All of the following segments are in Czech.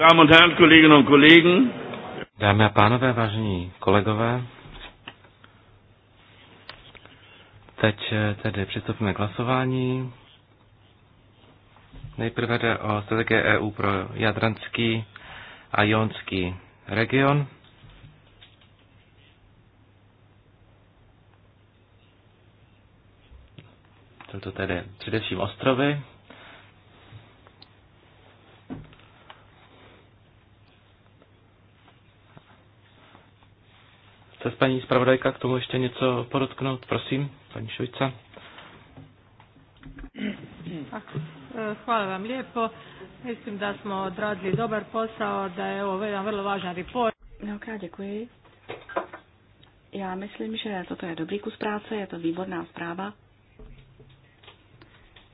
Damen und Herren, Kolleginnen und Kollegen. Dámy a pánové, vážení kolegové, teď eh, tedy přistoupíme k hlasování. Nejprve jde o strategie EU pro jadranský a jonský region. Jsou to tedy především ostrovy, Chce paní zpravodajka k tomu ještě něco podotknout? Prosím, paní Šujca. E, hvala vám lijepo. Myslím, da smo odradili dobar posao, da je ovo jedan vrlo važan report. Mnohokrát děkuji. Já myslím, že toto je dobrý kus práce, je to výborná zpráva.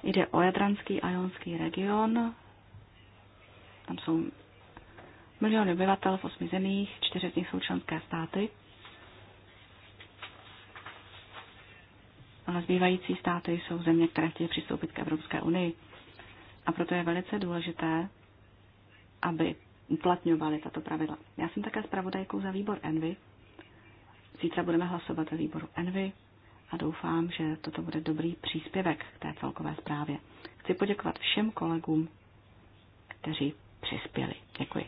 Jde o Jadranský a Jonský region. Tam jsou miliony obyvatel v osmi zemích, čtyři z nich jsou členské státy. ale zbývající státy jsou země, které chtějí přistoupit k Evropské unii. A proto je velice důležité, aby uplatňovali tato pravidla. Já jsem také zpravodajkou za výbor Envy. Zítra budeme hlasovat ve výboru Envy a doufám, že toto bude dobrý příspěvek k té celkové zprávě. Chci poděkovat všem kolegům, kteří přispěli. Děkuji.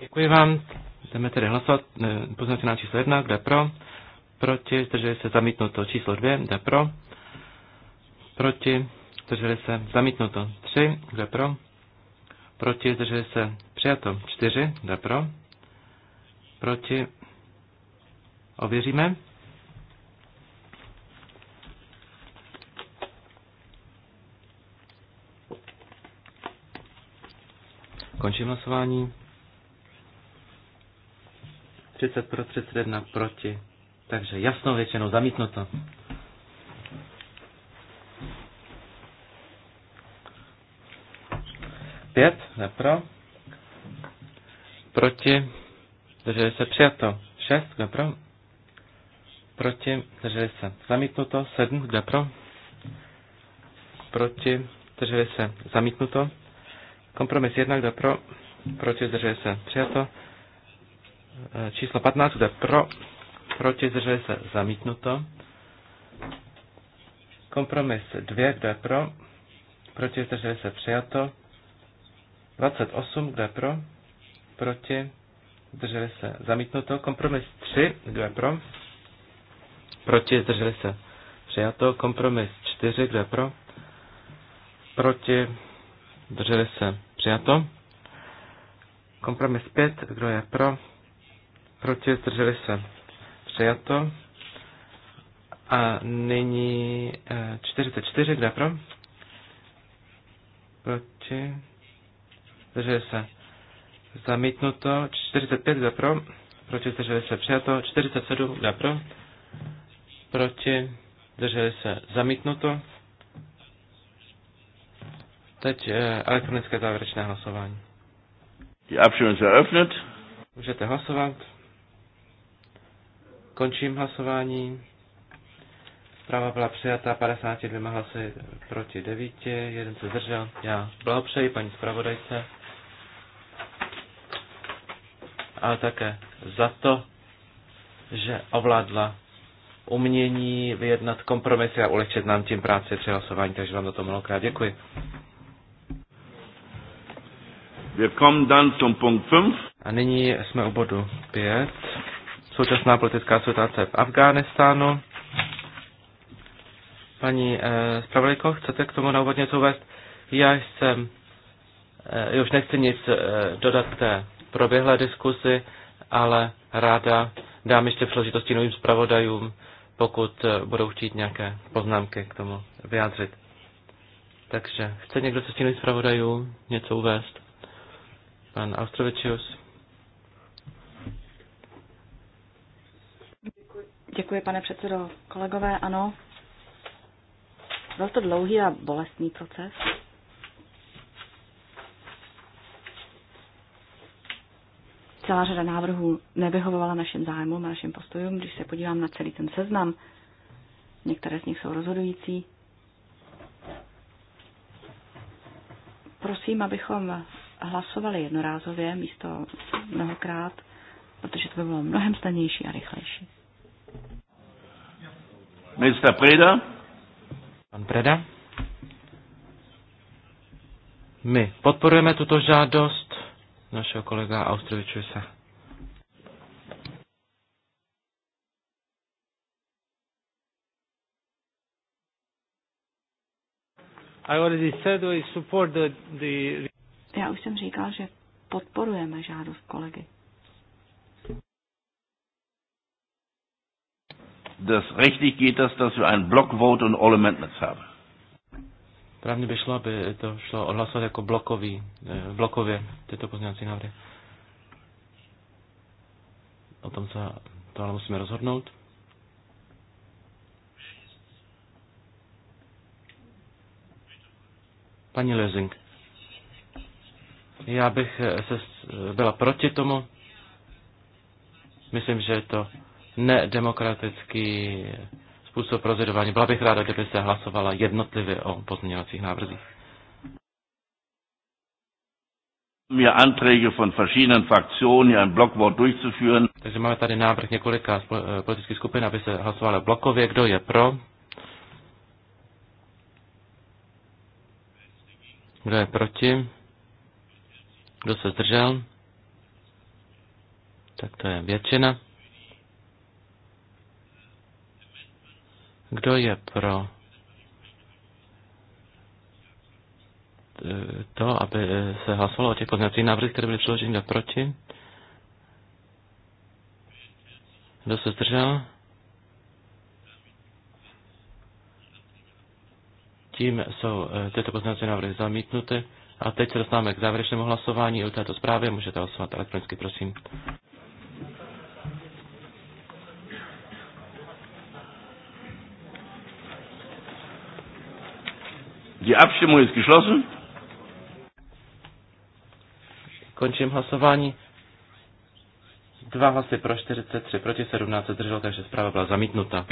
Děkuji vám. Jdeme tedy hlasovat. Eh, na číslo jedna, kde pro, proti, zdrželi se zamítnuto. Číslo dvě, jde pro, proti, zdrželi se zamítnuto. tři, jde pro, proti, zdrželi se přijato. čtyři, jde pro, proti, ověříme. Končím hlasování. 30 pro, 31 proti. Takže jasnou většinou zamítnuto. Pět, pro. Proti, drželi se přijato. Šest, ne pro. Proti, drželi se zamítnuto. Sedm, ne pro. Proti, drželi se zamítnuto. Kompromis jedna, kde pro. Proti, drželi se přijato. E, číslo 15, kde pro proti, zdrželi se, zamítnuto. Kompromis 2, kdo je pro, proti, zdrželi se, přijato. 28, kdo je pro, proti, zdrželi se, zamítnuto. Kompromis 3, kdo je pro, proti, zdrželi se, přijato. Kompromis 4, kdo je pro, proti, zdrželi se, přijato. Kompromis 5, kdo je pro, proti, zdrželi se, přijato. A nyní 44, eh, kde pro? Proti. Zdrželi se. Zamítnuto. 45, kde pro? Proti zdrželi se přijato. 47, kde pro? Proti. Zdrželi se. Zamítnuto. Teď eh, elektronické závěrečné hlasování. Die Abstimmung ist eröffnet. Můžete hlasovat. Končím hlasování. Zpráva byla přijata 52 hlasy proti 9, jeden se zdržel. Já blahopřeji paní zpravodajce. a také za to, že ovládla umění vyjednat kompromisy a ulehčit nám tím práci při hlasování, takže vám za to mnohokrát děkuji. A nyní jsme u bodu 5 současná politická situace v Afghánistánu. Paní eh, zpravodajko, chcete k tomu na úvod něco uvést? Já jsem, eh, už nechci nic eh, dodat k té proběhlé diskusi, ale ráda dám ještě příležitosti novým zpravodajům, pokud eh, budou chtít nějaké poznámky k tomu vyjádřit. Takže chce někdo se stínovým zpravodajům něco uvést? Pan Austrovičius. Děkuji, pane předsedo. Kolegové, ano. Byl to dlouhý a bolestný proces. Celá řada návrhů nevyhovovala našim zájmům a našim postojům. Když se podívám na celý ten seznam, některé z nich jsou rozhodující. Prosím, abychom hlasovali jednorázově místo mnohokrát, protože to by bylo mnohem snadnější a rychlejší. Mr. Preda. Pan Preda. My podporujeme tuto žádost našeho kolega Austrovičuse. Já už jsem říkal, že podporujeme žádost kolegy. das rechtlich geht das, dass wir ein Block Vote und All Amendments haben. Právně by šlo, aby to šlo odhlasovat jako blokový, eh, blokově tyto pozměňovací návrhy. O tom se to ale musíme rozhodnout. Paní Lezing, já bych eh, se eh, byla proti tomu. Myslím, že je to nedemokratický způsob rozhodování. Byla bych ráda, kdyby se hlasovala jednotlivě o pozměňovacích návrzích. Mir Anträge von verschiedenen Fraktionen hier Blockwort durchzuführen. Takže máme tady návrh několika eh, politických skupin, aby se hlasovalo blokově. Kdo je pro? Kdo je proti? Kdo se zdržel? Tak to je většina. Kdo je pro eh, to, aby se hlasovalo o těch pozměňovacích návrhech, které byly přiloženy do proti? Kdo se zdržel? Tím jsou eh, tyto pozměňovací návrhy zamítnuty. A teď se dostáváme k závěrečnému hlasování o této zprávě. Můžete hlasovat elektronicky, prosím. Die Abstimmung ist geschlossen. Končím hlasování. Dva hlasy pro 43, proti 17 se drželo, takže zpráva byla zamítnuta.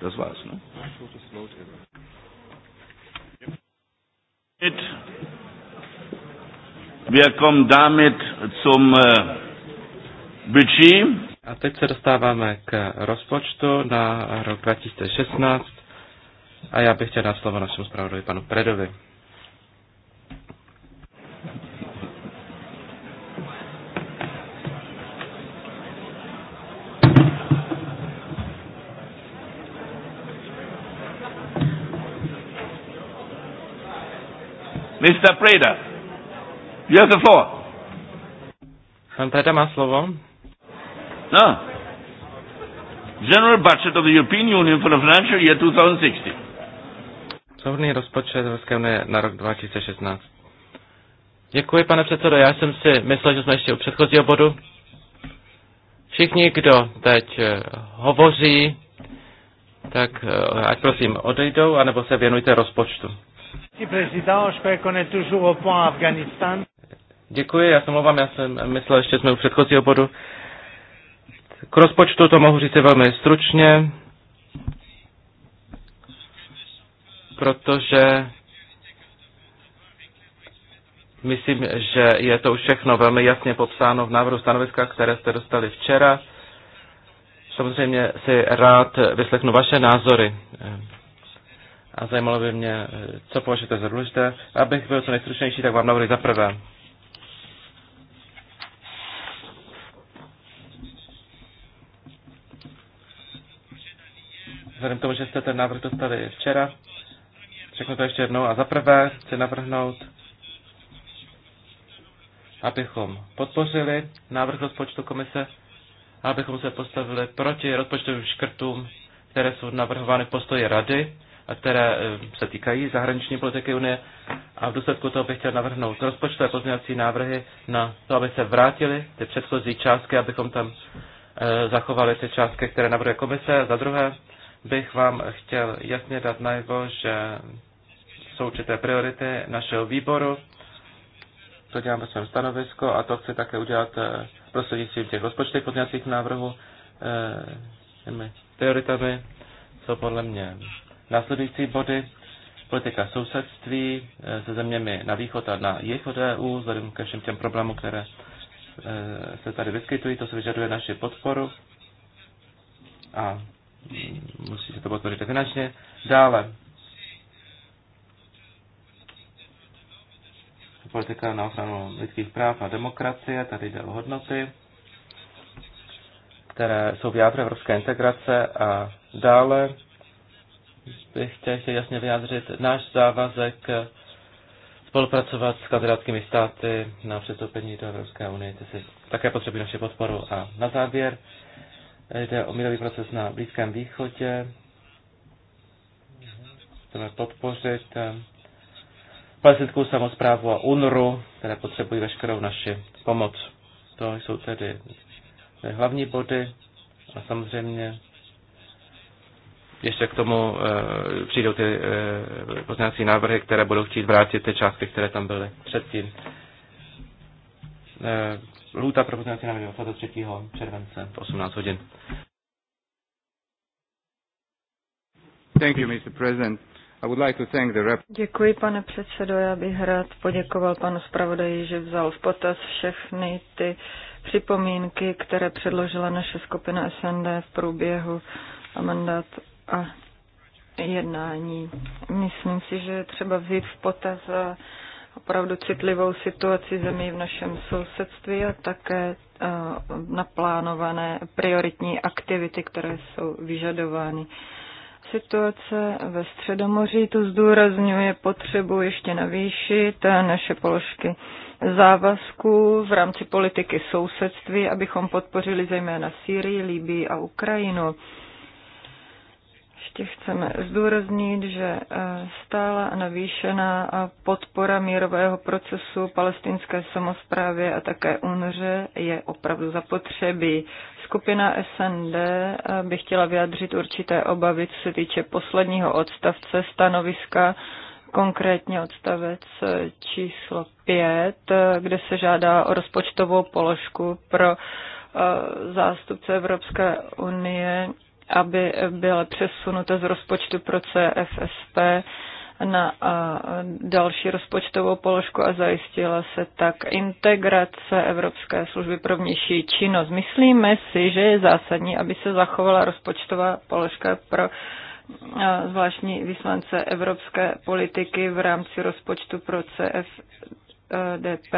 Das war's, ne? Wir kommen damit zum äh, Budget. A teď se dostáváme k rozpočtu na rok 2016. A já bych chtěl dát slovo našemu zpravodovi panu Predovi. Mr. Preda, you have the floor. Pan Preda má slovo. No. General Budget of the European Union for the financial year 2016 souhrný rozpočet Evropské unie na rok 2016. Děkuji, pane předsedo. Já jsem si myslel, že jsme ještě u předchozího bodu. Všichni, kdo teď eh, hovoří, tak eh, ať prosím odejdou, anebo se věnujte rozpočtu. Děkuji, já se mluvám, já jsem myslel, že jsme u předchozího bodu. K rozpočtu to mohu říct velmi stručně. protože myslím, že je to už všechno velmi jasně popsáno v návrhu stanoviska, které jste dostali včera. Samozřejmě si rád vyslechnu vaše názory a zajímalo by mě, co považujete za důležité. Abych byl co nejstručnější, tak vám navrhuji za prvé. Vzhledem k tomu, že jste ten návrh dostali včera, Řeknu to ještě jednou. A zaprvé chci navrhnout, abychom podpořili návrh rozpočtu komise a abychom se postavili proti rozpočtovým škrtům, které jsou navrhovány v postoji rady a které eh, se týkají zahraniční politiky Unie. A v důsledku toho bych chtěl navrhnout rozpočtové pozměňovací návrhy na to, aby se vrátily ty předchozí částky, abychom tam eh, zachovali ty částky, které navrhuje komise. Za druhé, bych vám chtěl jasně dát najevo, že jsou určité priority našeho výboru. To dělám ve svém stanovisku a to chci také udělat eh, prostřednictvím těch rozpočtech podňacích návrhů. Eh, těmi prioritami jsou podle mě následující body. Politika sousedství eh, se zeměmi na východ a na jih od EU, vzhledem ke všem těm problémům, které se tady vyskytují, to se vyžaduje naši podporu. A musí se to podpořit finančně. Dále, politika na ochranu lidských práv a demokracie, tady jde o hodnoty, které jsou v jádru evropské integrace a dále bych chtěl jasně vyjádřit náš závazek spolupracovat s kandidátskými státy na přistoupení do Evropské unie. To si také potřebuje naše podporu. A na závěr Jde o mírový proces na Blízkém východě. Chceme podpořit eh, palestinskou samozprávu a UNRU, které potřebují veškerou naši pomoc. To jsou tedy hlavní body a samozřejmě ještě k tomu e, přijdou ty e, eh, poznávací návrhy, které budou chtít vrátit ty částky, které tam byly předtím. E, Lhůta pro pozměňovací návrhy 23. července 18 hodin. Thank you, Mr. President. I would like to thank the rep- Děkuji, pane předsedo. Já bych rád poděkoval panu zpravodaji, že vzal v potaz všechny ty připomínky, které předložila naše skupina SND v průběhu a mandát a jednání. Myslím si, že je třeba vzít v potaz a opravdu citlivou situaci zemí v našem sousedství a také eh, naplánované prioritní aktivity, které jsou vyžadovány. Situace ve Středomoří to zdůrazňuje potřebu ještě navýšit eh, naše položky závazků v rámci politiky sousedství, abychom podpořili zejména Sýrii, Libii a Ukrajinu ještě chceme zdůraznit, že eh, stála a navýšená eh, podpora mírového procesu palestinské samozprávě a také UNRE je opravdu zapotřebí. Skupina SND eh, by chtěla vyjádřit určité obavy, co se týče posledního odstavce stanoviska, konkrétně odstavec číslo 5, kde se žádá o rozpočtovou položku pro zástupce Evropské unie aby byla přesunuta z rozpočtu pro CFSP na další rozpočtovou položku a zajistila se tak integrace Evropské služby pro vnější činnost. Myslíme si, že je zásadní, aby se zachovala rozpočtová položka pro zvláštní vyslance evropské politiky v rámci rozpočtu pro CFDP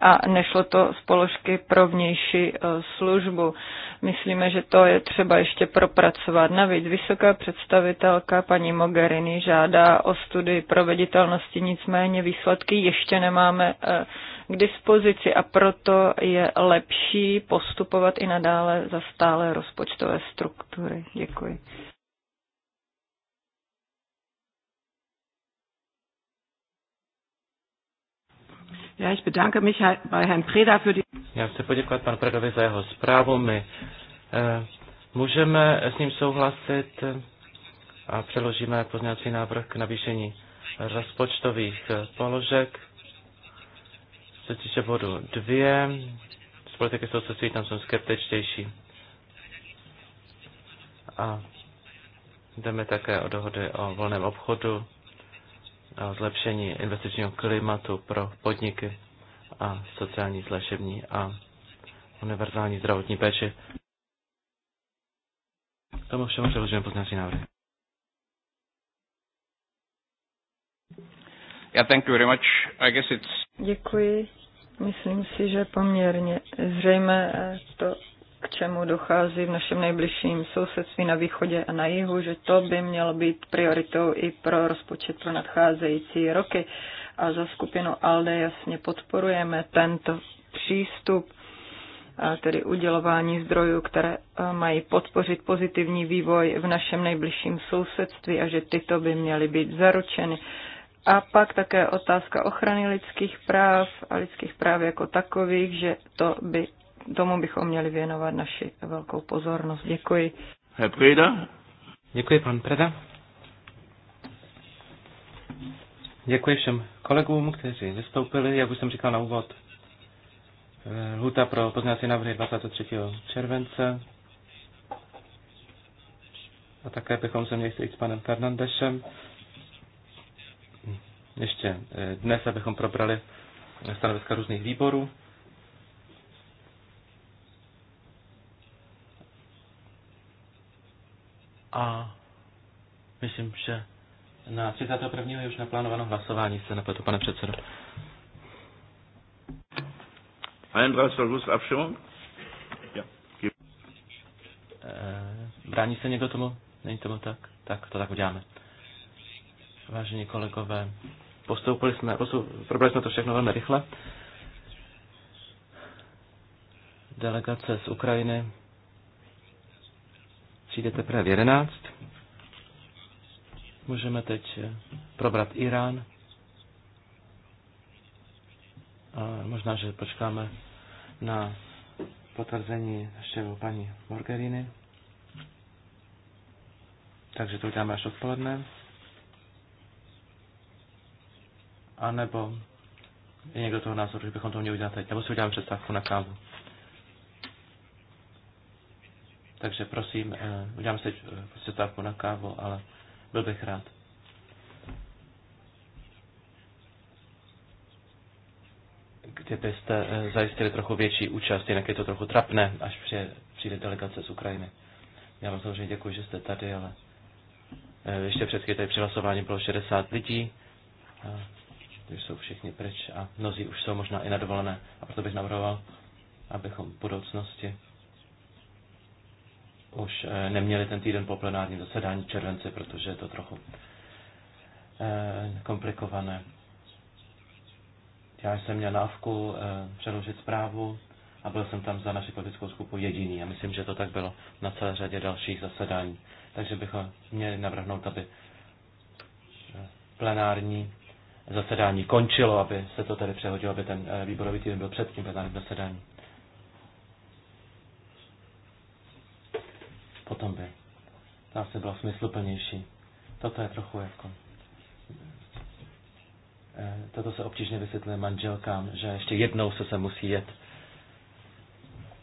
a nešlo to z položky pro vnější e, službu. Myslíme, že to je třeba ještě propracovat. Navíc vysoká představitelka paní Mogherini žádá o studii proveditelnosti, nicméně výsledky ještě nemáme e, k dispozici a proto je lepší postupovat i nadále za stále rozpočtové struktury. Děkuji. Já ich bedanke mich bei Herrn Preda für die... Já chci poděkovat panu Predovi za jeho zprávu. My eh, můžeme s ním souhlasit eh, a přeložíme pozměňovací návrh k navýšení rozpočtových eh, položek. se týče bodu dvě, z politiky sousedství tam jsem skeptičtější. A jdeme také o dohody o volném obchodu a zlepšení investičního klimatu pro podniky a sociální zlepšení a univerzální zdravotní péči. Tomu všemu přeložíme poznací návrhy. Yeah, thank you very much. I guess it's... Děkuji. Myslím si, že poměrně zřejmé to, k čemu dochází v našem nejbližším sousedství na východě a na jihu, že to by mělo být prioritou i pro rozpočet pro nadcházející roky. A za skupinu ALDE jasně podporujeme tento přístup, tedy udělování zdrojů, které mají podpořit pozitivní vývoj v našem nejbližším sousedství a že tyto by měly být zaručeny. A pak také otázka ochrany lidských práv a lidských práv jako takových, že to by tomu bychom měli věnovat naši velkou pozornost. Děkuji. Herr Preda. Děkuji, pan Preda. Děkuji všem kolegům, kteří vystoupili. Jak už jsem říkal na úvod, eh, Lhuta pro pozměňovací návrhy 23. července. A také bychom se měli sejít s panem Fernandešem. Ještě eh, dnes, abychom probrali stanoviska různých výborů. A myslím, že na 31. je už naplánováno hlasování, se nepletu, pane předsedo. Eh, brání se někdo tomu? Není tomu tak? Tak to tak uděláme. Vážení kolegové, postoupili jsme, probrali jsme to všechno velmi rychle. Delegace z Ukrajiny přijde teprve v 11. Můžeme teď probrat Irán. A možná, že počkáme na potvrzení ještě paní Morgeriny. Takže to uděláme až odpoledne. A nebo je někdo toho názoru, že bychom to měli udělat teď. Nebo si uděláme přestávku na kávu. Takže prosím, eh, udělám si eh, přestávku na kávu, ale byl bych rád. Kdybyste eh, zajistili trochu větší účast, jinak je to trochu trapné, až přijde delegace z Ukrajiny. Já vám samozřejmě děkuji, že jste tady, ale ještě před chvíli tady při hlasování bylo 60 lidí, když jsou všichni pryč a mnozí už jsou možná i na dovolené. A proto bych navrhoval, abychom v budoucnosti už eh, neměli ten týden po plenárním zasedání července, protože je to trochu eh, komplikované. Já jsem měl návku eh, přeložit zprávu a byl jsem tam za naši politickou skupu jediný a myslím, že to tak bylo na celé řadě dalších zasedání. Takže bychom měli navrhnout, aby plenární zasedání končilo, aby se to tady přehodilo, aby ten výborový týden byl před tím plenárním zasedáním. potom by ta asi byla smysluplnější. Toto je trochu jako... Eh, toto se obtížně vysvětluje manželkám, že ještě jednou se se musí jet.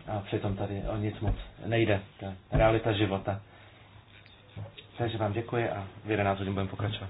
A přitom tady o nic moc nejde. To je realita života. Takže vám děkuji a v 11 hodin budeme pokračovat.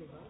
Děkuji.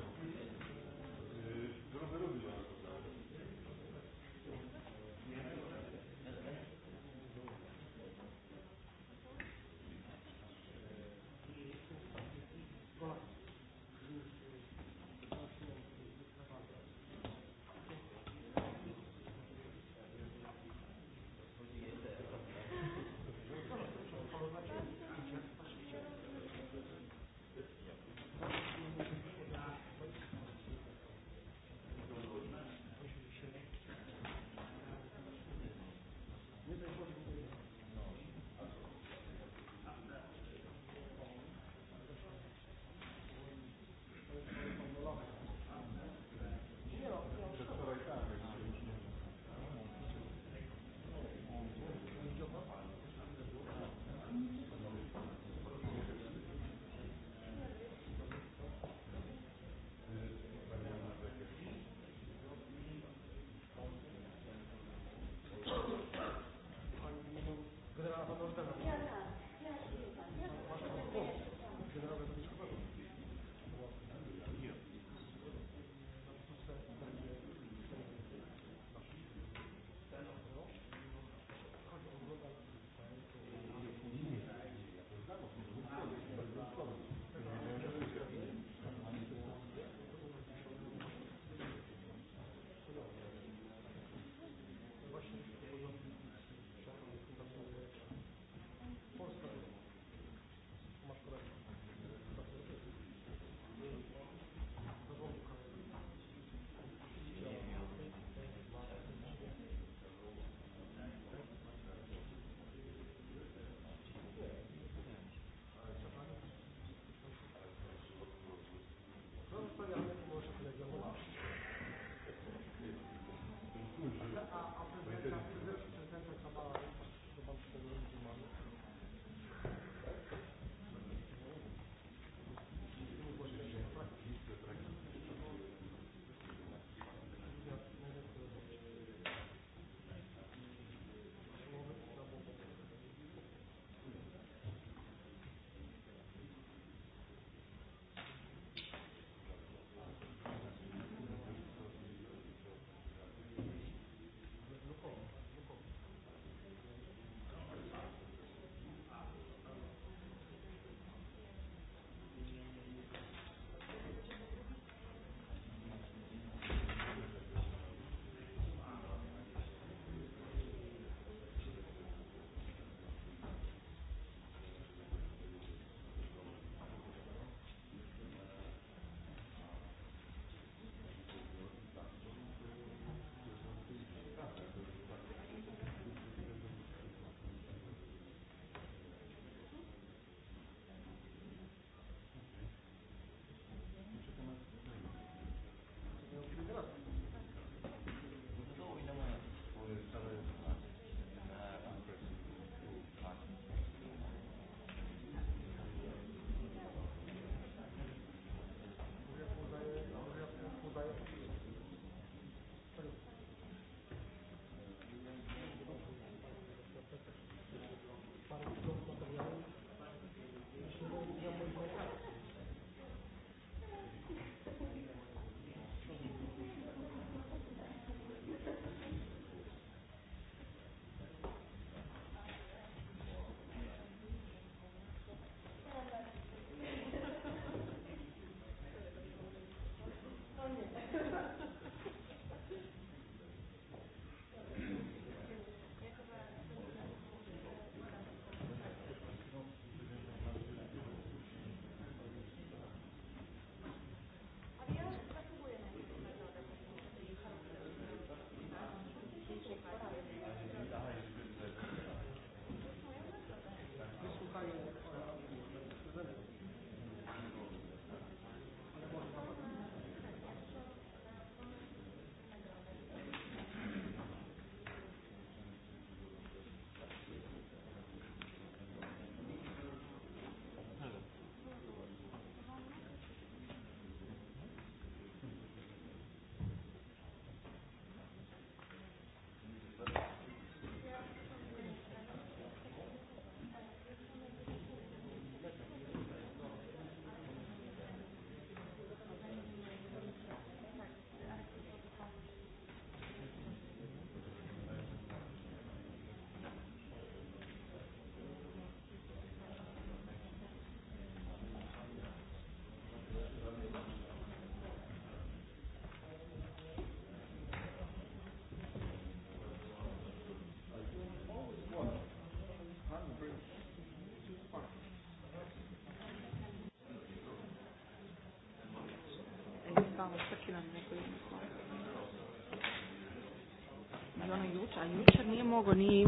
Bravo, svaki nam neko ime. ono jučer, a juče nije mogo, nije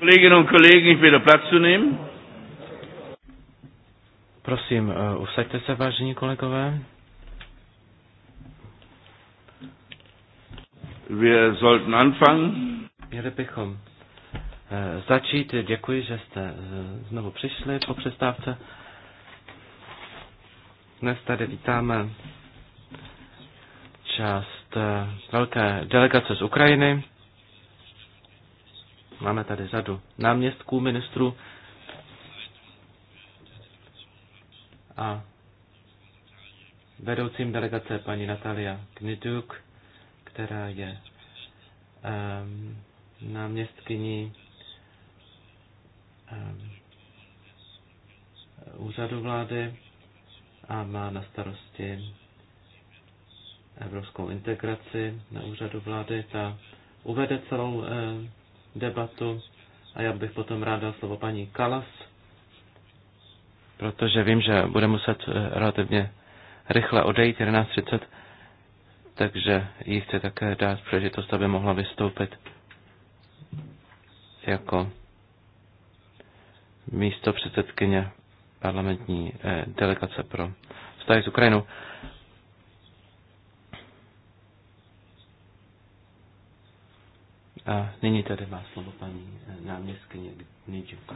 Kolleginnen und Kollegen, ich bitte Platz zu nehmen. Prosím, eh, usaďte se, vážení kolegové. Wir sollten anfangen. Měli bychom eh, začít. Děkuji, že jste eh, znovu přišli po přestávce. Dnes tady vítáme část velké delegace z Ukrajiny. Máme tady řadu náměstků ministrů a vedoucím delegace paní Natalia Kniduk, která je um, náměstkyní um, úřadu vlády a má na starosti evropskou integraci na úřadu vlády. Ta uvede celou ehm, debatu a já bych potom rád dal slovo paní Kalas, protože vím, že bude muset eh, relativně rychle odejít 11.30, takže jí chci také dát příležitost, aby mohla vystoupit jako místo předsedkyně parlamentní eh, delegace pro vztahy s Ukrajinou. A nyní tady má slovo paní eh, náměstkyně Nidžuka.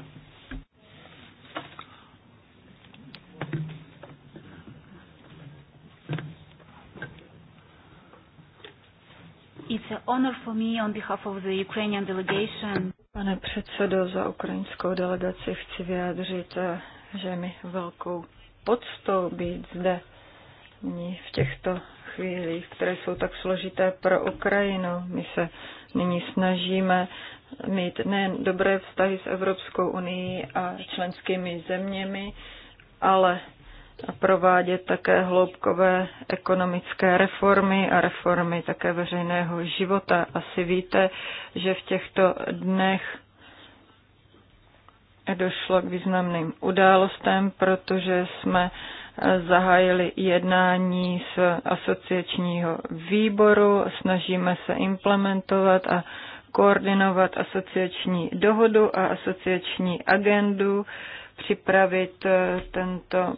It's an honor for me on behalf of the Ukrainian delegation. Pane předsedo, za ukrajinskou delegaci chci vyjádřit, eh, že mi velkou poctou být zde v těchto chvílích, které jsou tak složité pro Ukrajinu. My se nyní snažíme mít nejen dobré vztahy s Evropskou unii a členskými zeměmi, ale provádět také hloubkové ekonomické reformy a reformy také veřejného života. Asi víte, že v těchto dnech došlo k významným událostem, protože jsme uh, zahájili jednání s asociačního výboru, snažíme se implementovat a koordinovat asociační dohodu a asociační agendu, připravit eh, tento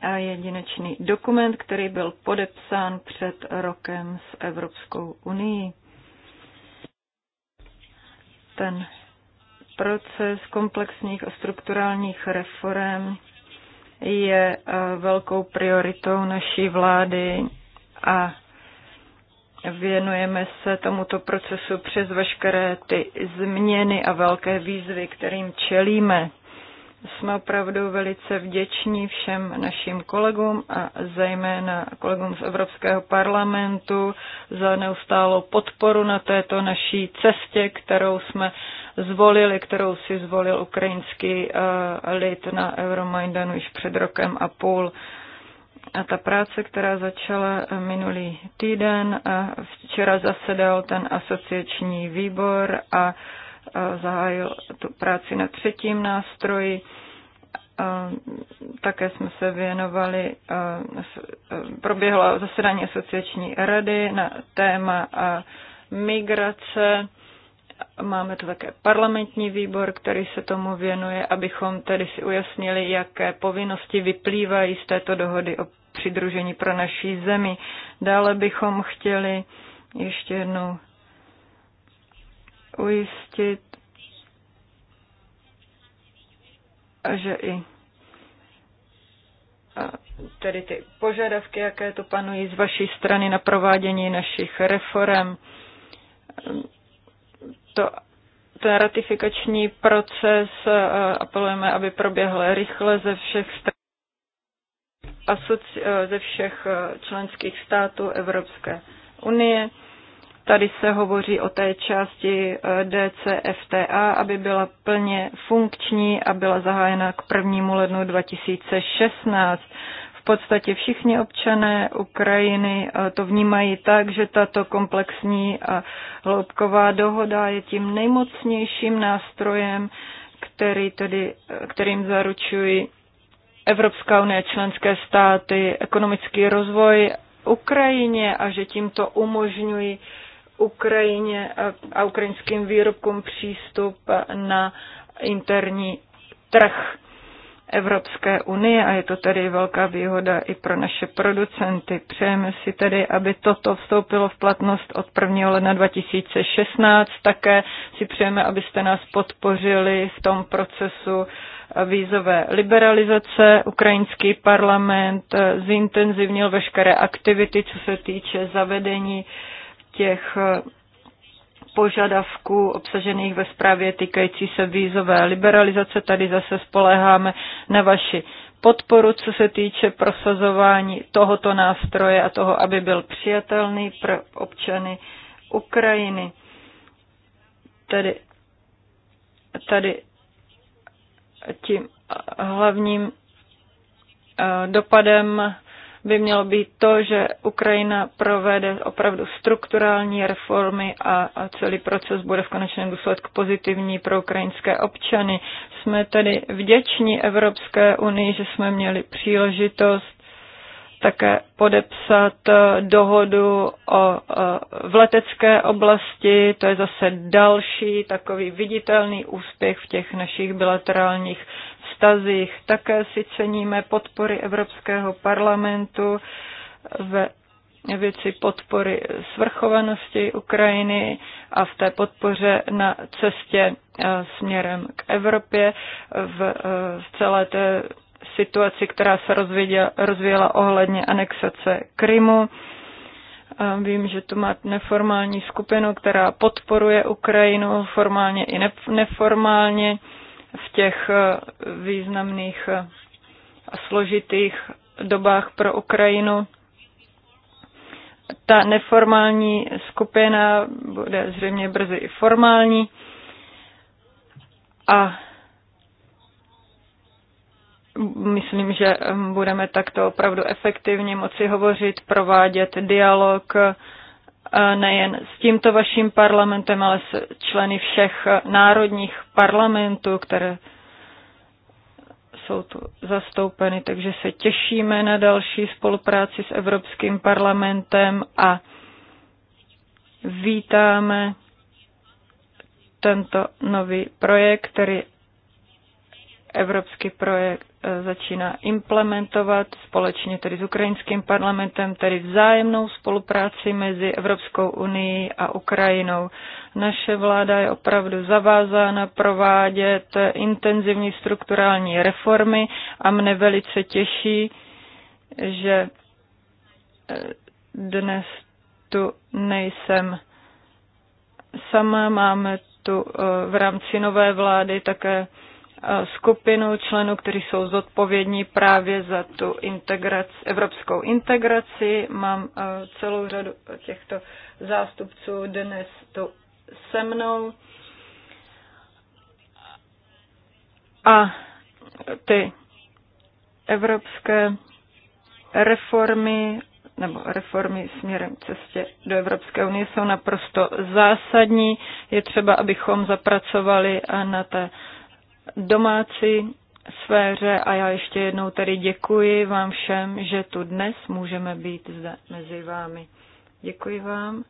eh, jedinečný dokument, který byl podepsán před rokem s Evropskou unii. Ten proces komplexních a strukturálních reform je eh, velkou prioritou naší vlády a věnujeme se tomuto procesu přes veškeré ty změny a velké výzvy, kterým čelíme. Jsme opravdu velice vděční všem našim kolegům a zejména kolegům z Evropského parlamentu za neustálou podporu na této naší cestě, kterou jsme zvolili, kterou si zvolil ukrajinský eh, lid na Euromajdanu již před rokem a půl. A ta práce, která začala eh, minulý týden, a eh, včera zasedal ten asociační výbor a zahájil tu práci na třetím nástroji. Také jsme se věnovali, proběhlo zasedání asociační rady na téma migrace. Máme tu také parlamentní výbor, který se tomu věnuje, abychom tedy si ujasnili, jaké povinnosti vyplývají z této dohody o přidružení pro naší zemi. Dále bychom chtěli ještě jednou ujistit, že i tedy ty požadavky, jaké tu panují z vaší strany na provádění našich reform, to, ten ratifikační proces apelujeme, aby proběhl rychle ze všech stran ze všech členských států Evropské unie. Tady se hovoří o té části eh, DCFTA, aby byla plně funkční a byla zahájena k 1. lednu 2016. V podstatě všichni občané Ukrajiny eh, to vnímají tak, že tato komplexní a hloubková dohoda je tím nejmocnějším nástrojem, který tedy, eh, kterým zaručují Evropská unie, členské státy, ekonomický rozvoj Ukrajině a že tímto umožňují Ukrajině eh, a ukrajinským výrobkům přístup na interní trh Evropské unie a je to tedy velká výhoda i pro naše producenty. Přejeme si tedy, aby toto vstoupilo v platnost od 1. ledna 2016. Také si přejeme, abyste nás podpořili v tom procesu vízové liberalizace. Ukrajinský parlament zintenzivnil veškeré aktivity, co se týče zavedení uh, těch eh, požadavků obsažených ve zprávě týkající se vízové liberalizace. Tady zase spoléháme na vaši podporu, co se týče prosazování tohoto nástroje a toho, aby byl přijatelný pro občany Ukrajiny. Tedy, tady tím hlavním eh, dopadem by mělo být to, že Ukrajina provede opravdu strukturální reformy a, a celý proces bude v konečném důsledku pozitivní pro ukrajinské občany. Jsme tedy vděční Evropské unii, že jsme měli příležitost také podepsat eh, dohodu o, eh, v letecké oblasti. To je zase další takový viditelný úspěch v těch našich bilaterálních vztazích. Také si ceníme podpory Evropského parlamentu ve věci podpory svrchovanosti Ukrajiny a v té podpoře na cestě e, směrem k Evropě v, e, v celé té situaci, která se rozvíjela, rozvíjela ohledně anexace Krymu. E, vím, že tu má neformální skupinu, která podporuje Ukrajinu formálně i neformálně v těch eh, významných eh, a složitých dobách pro Ukrajinu. Ta neformální skupina bude zřejmě brzy i formální. A myslím, že eh, budeme takto opravdu efektivně moci hovořit, provádět dialog E, nejen s tímto vaším parlamentem, ale s členy všech e, národních parlamentů, které jsou tu zastoupeny. Takže se těšíme na další spolupráci s Evropským parlamentem a vítáme tento nový projekt, který je evropský projekt začíná implementovat společně tedy s ukrajinským parlamentem, tedy vzájemnou spolupráci mezi Evropskou unii a Ukrajinou. Naše vláda je opravdu zavázána provádět intenzivní strukturální reformy a mne velice těší, že eh, dnes tu nejsem sama. Máme tu eh, v rámci nové vlády také E, skupinu členů, kteří jsou zodpovědní právě za tu integraci, evropskou integraci. Mám e, celou řadu těchto zástupců dnes tu se mnou. A ty evropské reformy nebo reformy směrem k cestě do Evropské unie jsou naprosto zásadní. Je třeba, abychom zapracovali na té uh, domácí sféře a já ještě jednou tady děkuji vám všem, že tu dnes můžeme být zde mezi vámi. Děkuji vám.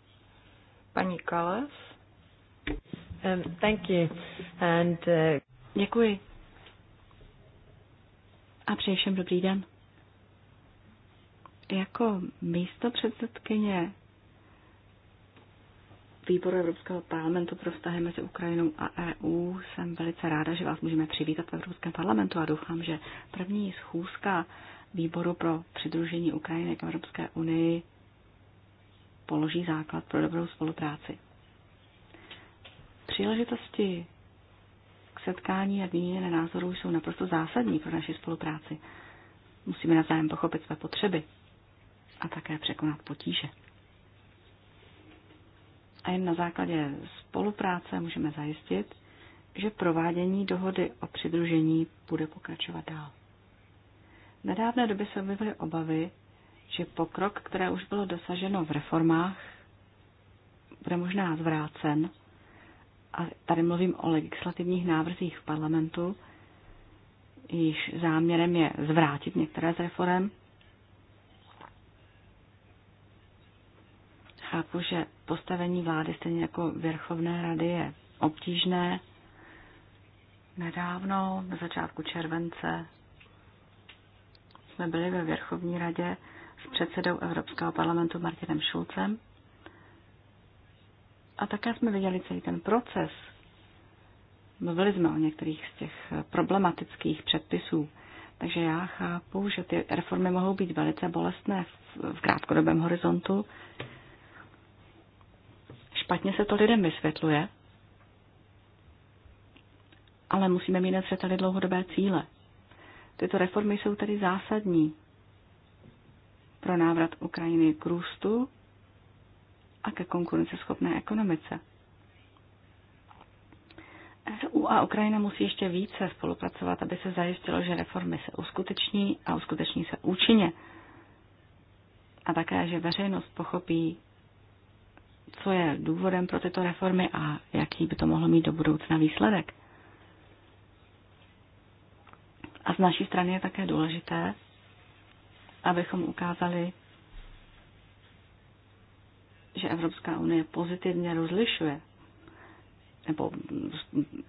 Paní Kalas. Um, thank you. And, uh... Děkuji. A přeji všem dobrý den. Jako místo předsedkyně výboru Evropského parlamentu pro vztahy mezi Ukrajinou a EU jsem velice ráda, že vás můžeme přivítat v Evropském parlamentu a doufám, že první schůzka výboru pro přidružení Ukrajiny k Evropské unii položí základ pro dobrou spolupráci. Příležitosti k setkání a výměně názorů jsou naprosto zásadní pro naši spolupráci. Musíme navzájem pochopit své potřeby a také překonat potíže a jen na základě spolupráce můžeme zajistit, že provádění dohody o přidružení bude pokračovat dál. V nedávné době se objevily obavy, že pokrok, které už bylo dosaženo v reformách, bude možná zvrácen. A tady mluvím o legislativních návrzích v parlamentu, jejíž záměrem je zvrátit některé z reform, Chápu, že postavení vlády stejně jako vrchovné rady je obtížné. Nedávno, na začátku července, jsme byli ve vrchovní radě s předsedou Evropského parlamentu Martinem Šulcem. A také jsme viděli celý ten proces. Mluvili jsme o některých z těch problematických předpisů. Takže já chápu, že ty reformy mohou být velice bolestné v krátkodobém horizontu, Špatně se to lidem vysvětluje, ale musíme mít na dlouhodobé cíle. Tyto reformy jsou tedy zásadní pro návrat Ukrajiny k růstu a ke konkurenceschopné ekonomice. EU a Ukrajina musí ještě více spolupracovat, aby se zajistilo, že reformy se uskuteční a uskuteční se účinně. A také, že veřejnost pochopí, co je důvodem pro tyto reformy a jaký by to mohlo mít do budoucna výsledek. A z naší strany je také důležité, abychom ukázali, že Evropská unie pozitivně rozlišuje nebo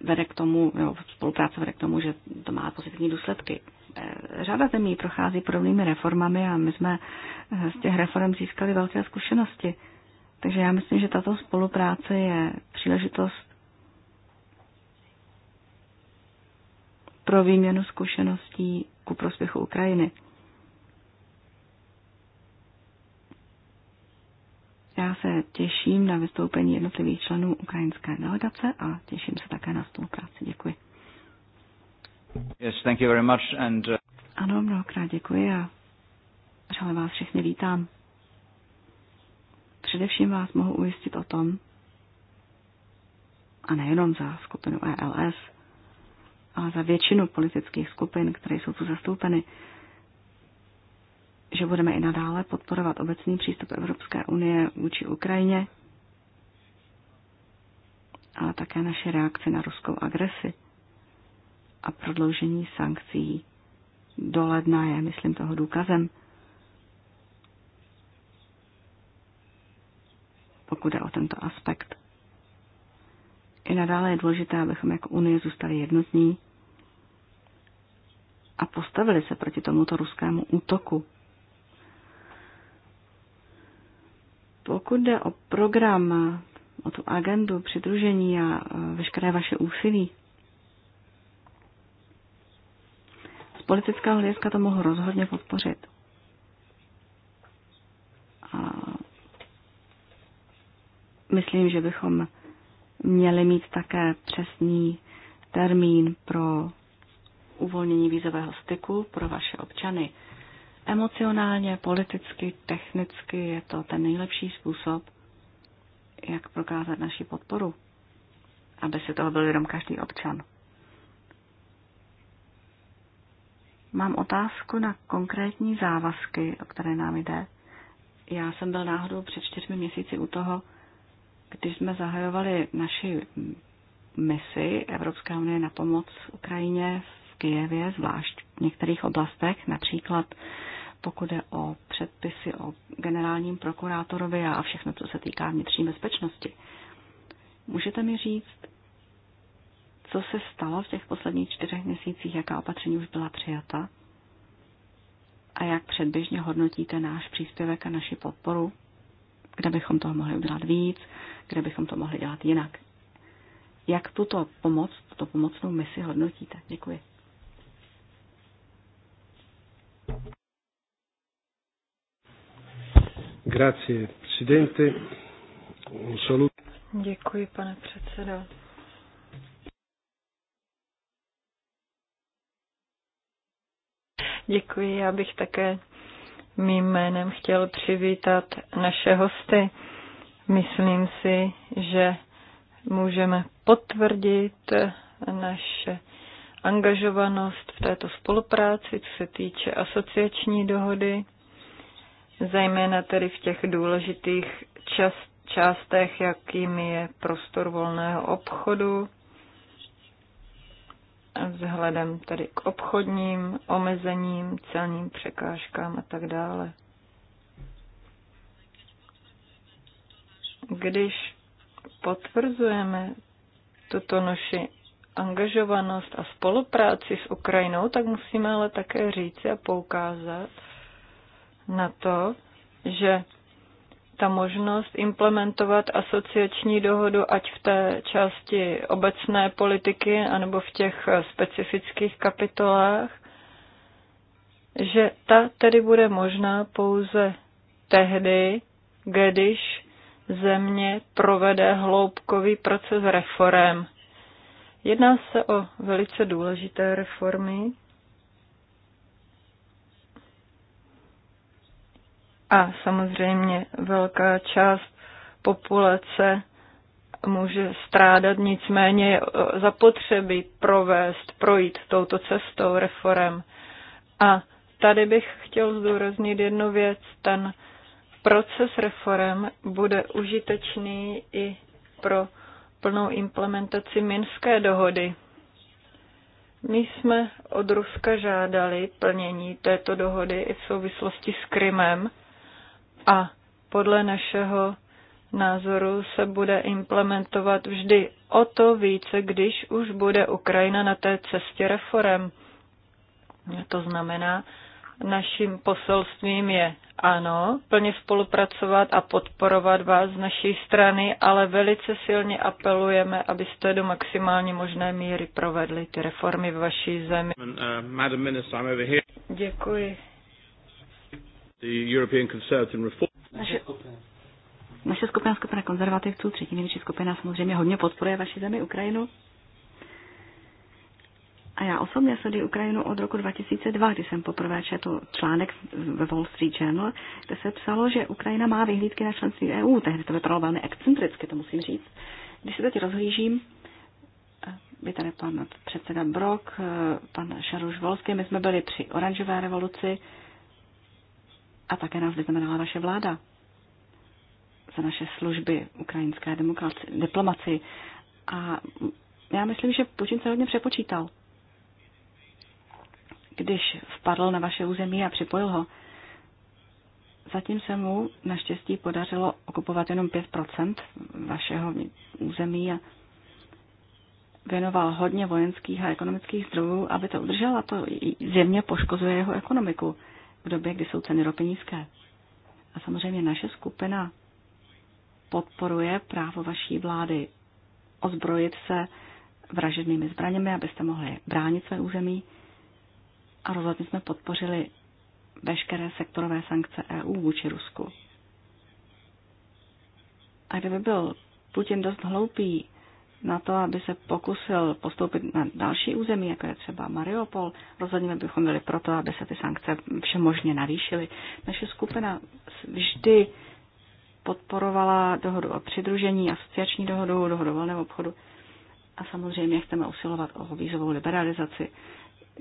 vede k tomu, nebo spolupráce vede k tomu, že to má pozitivní důsledky. Eh, řada zemí prochází podobnými reformami a my jsme z těch reform získali velké zkušenosti. Takže já myslím, že tato spolupráce je příležitost pro výměnu zkušeností ku prospěchu Ukrajiny. Já se těším na vystoupení jednotlivých členů ukrajinské delegace a těším se také na spolupráci. Děkuji. Yes, thank you very much and, uh... Ano, mnohokrát děkuji a řále vás všechny vítám. Především vás mohu ujistit o tom, a nejenom za skupinu ELS, ale za většinu politických skupin, které jsou tu zastoupeny, že budeme i nadále podporovat obecný přístup Evropské unie vůči Ukrajině, ale také naše reakce na ruskou agresi a prodloužení sankcí do ledna je, myslím, toho důkazem. pokud jde o tento aspekt. I nadále je důležité, abychom jako Unie zůstali jednotní a postavili se proti tomuto ruskému útoku. Pokud jde o program, o tu agendu přidružení a e, veškeré vaše úsilí, z politického hlediska to mohu rozhodně podpořit. A Myslím, že bychom měli mít také přesný termín pro uvolnění vízového styku pro vaše občany. Emocionálně, politicky, technicky je to ten nejlepší způsob, jak prokázat naši podporu, aby si toho byl jenom každý občan. Mám otázku na konkrétní závazky, o které nám jde. Já jsem byl náhodou před čtyřmi měsíci u toho, když jsme zahajovali naši misi Evropské unie na pomoc Ukrajině v Kijevě, zvlášť v některých oblastech, například pokud jde o předpisy o generálním prokurátorovi a všechno, co se týká vnitřní bezpečnosti. Můžete mi říct, co se stalo v těch posledních čtyřech měsících, jaká opatření už byla přijata a jak předběžně hodnotíte náš příspěvek a naši podporu kde bychom toho mohli udělat víc, kde bychom to mohli dělat jinak. Jak tuto pomoc, tuto pomocnou misi hodnotíte? Děkuji. Grazie, presidente. Un saluto. Děkuji, pane předsedo. Děkuji, já bych také mým jménem chtěl přivítat naše hosty. Myslím si, že můžeme potvrdit naše angažovanost v této spolupráci, co se týče asociační dohody, zejména tedy v těch důležitých čas, částech, jakými je prostor volného obchodu, vzhledem tedy k obchodním omezením, celním překážkám a tak dále. Když potvrzujeme tuto naši angažovanost a spolupráci s Ukrajinou, tak musíme ale také říci a poukázat na to, že ta možnost implementovat asociační dohodu, ať v té části obecné politiky, anebo v těch specifických kapitolách, že ta tedy bude možná pouze tehdy, když země provede hloubkový proces reform. Jedná se o velice důležité reformy, A samozřejmě velká část populace může strádat, nicméně je e, zapotřebí provést, projít touto cestou reform. A tady bych chtěl zdůraznit jednu věc. Ten proces reform bude užitečný i pro plnou implementaci Minské dohody. My jsme od Ruska žádali plnění této dohody i v souvislosti s Krymem a podle našeho názoru se bude implementovat vždy o to více, když už bude Ukrajina na té cestě reform. To znamená, naším poselstvím je ano, plně spolupracovat a podporovat vás z naší strany, ale velice silně apelujeme, abyste do maximální možné míry provedli ty reformy v vaší zemi. Uh, Děkuji naše, skupina, skupina konzervativců, třetí největší skupina, samozřejmě hodně podporuje vaši zemi Ukrajinu. A já osobně sleduji Ukrajinu od roku 2002, kdy jsem poprvé četl článek ve Wall Street Journal, kde se psalo, že Ukrajina má vyhlídky na členství EU. Tehdy to vypadalo velmi excentricky, to musím říct. Když se teď rozhlížím, eh, je tady pan předseda Brok, eh, pan Šaruš Volský, my jsme byli při oranžové revoluci, a také nás vyznamenala vaše vláda za naše služby ukrajinské diplomaci. A já myslím, že Putin se hodně přepočítal. Když vpadl na vaše území a připojil ho, zatím se mu naštěstí podařilo okupovat jenom 5% vašeho území a věnoval hodně vojenských a ekonomických zdrojů, aby to udržel a to zjemně poškozuje jeho ekonomiku v době, kdy jsou ceny ropy nízké. A samozřejmě naše skupina podporuje právo vaší vlády ozbrojit se vražednými zbraněmi, abyste mohli bránit své území. A rozhodně jsme podpořili veškeré sektorové sankce EU vůči Rusku. A kdyby byl Putin dost hloupý, na to, aby se pokusil postoupit na další území, jako je třeba Mariupol. Rozhodně bychom byli proto, aby se ty sankce všemožně navýšily. Naše skupina vždy podporovala dohodu o přidružení, asociační dohodu, dohodu o volném obchodu a samozřejmě chceme usilovat o vízovou liberalizaci.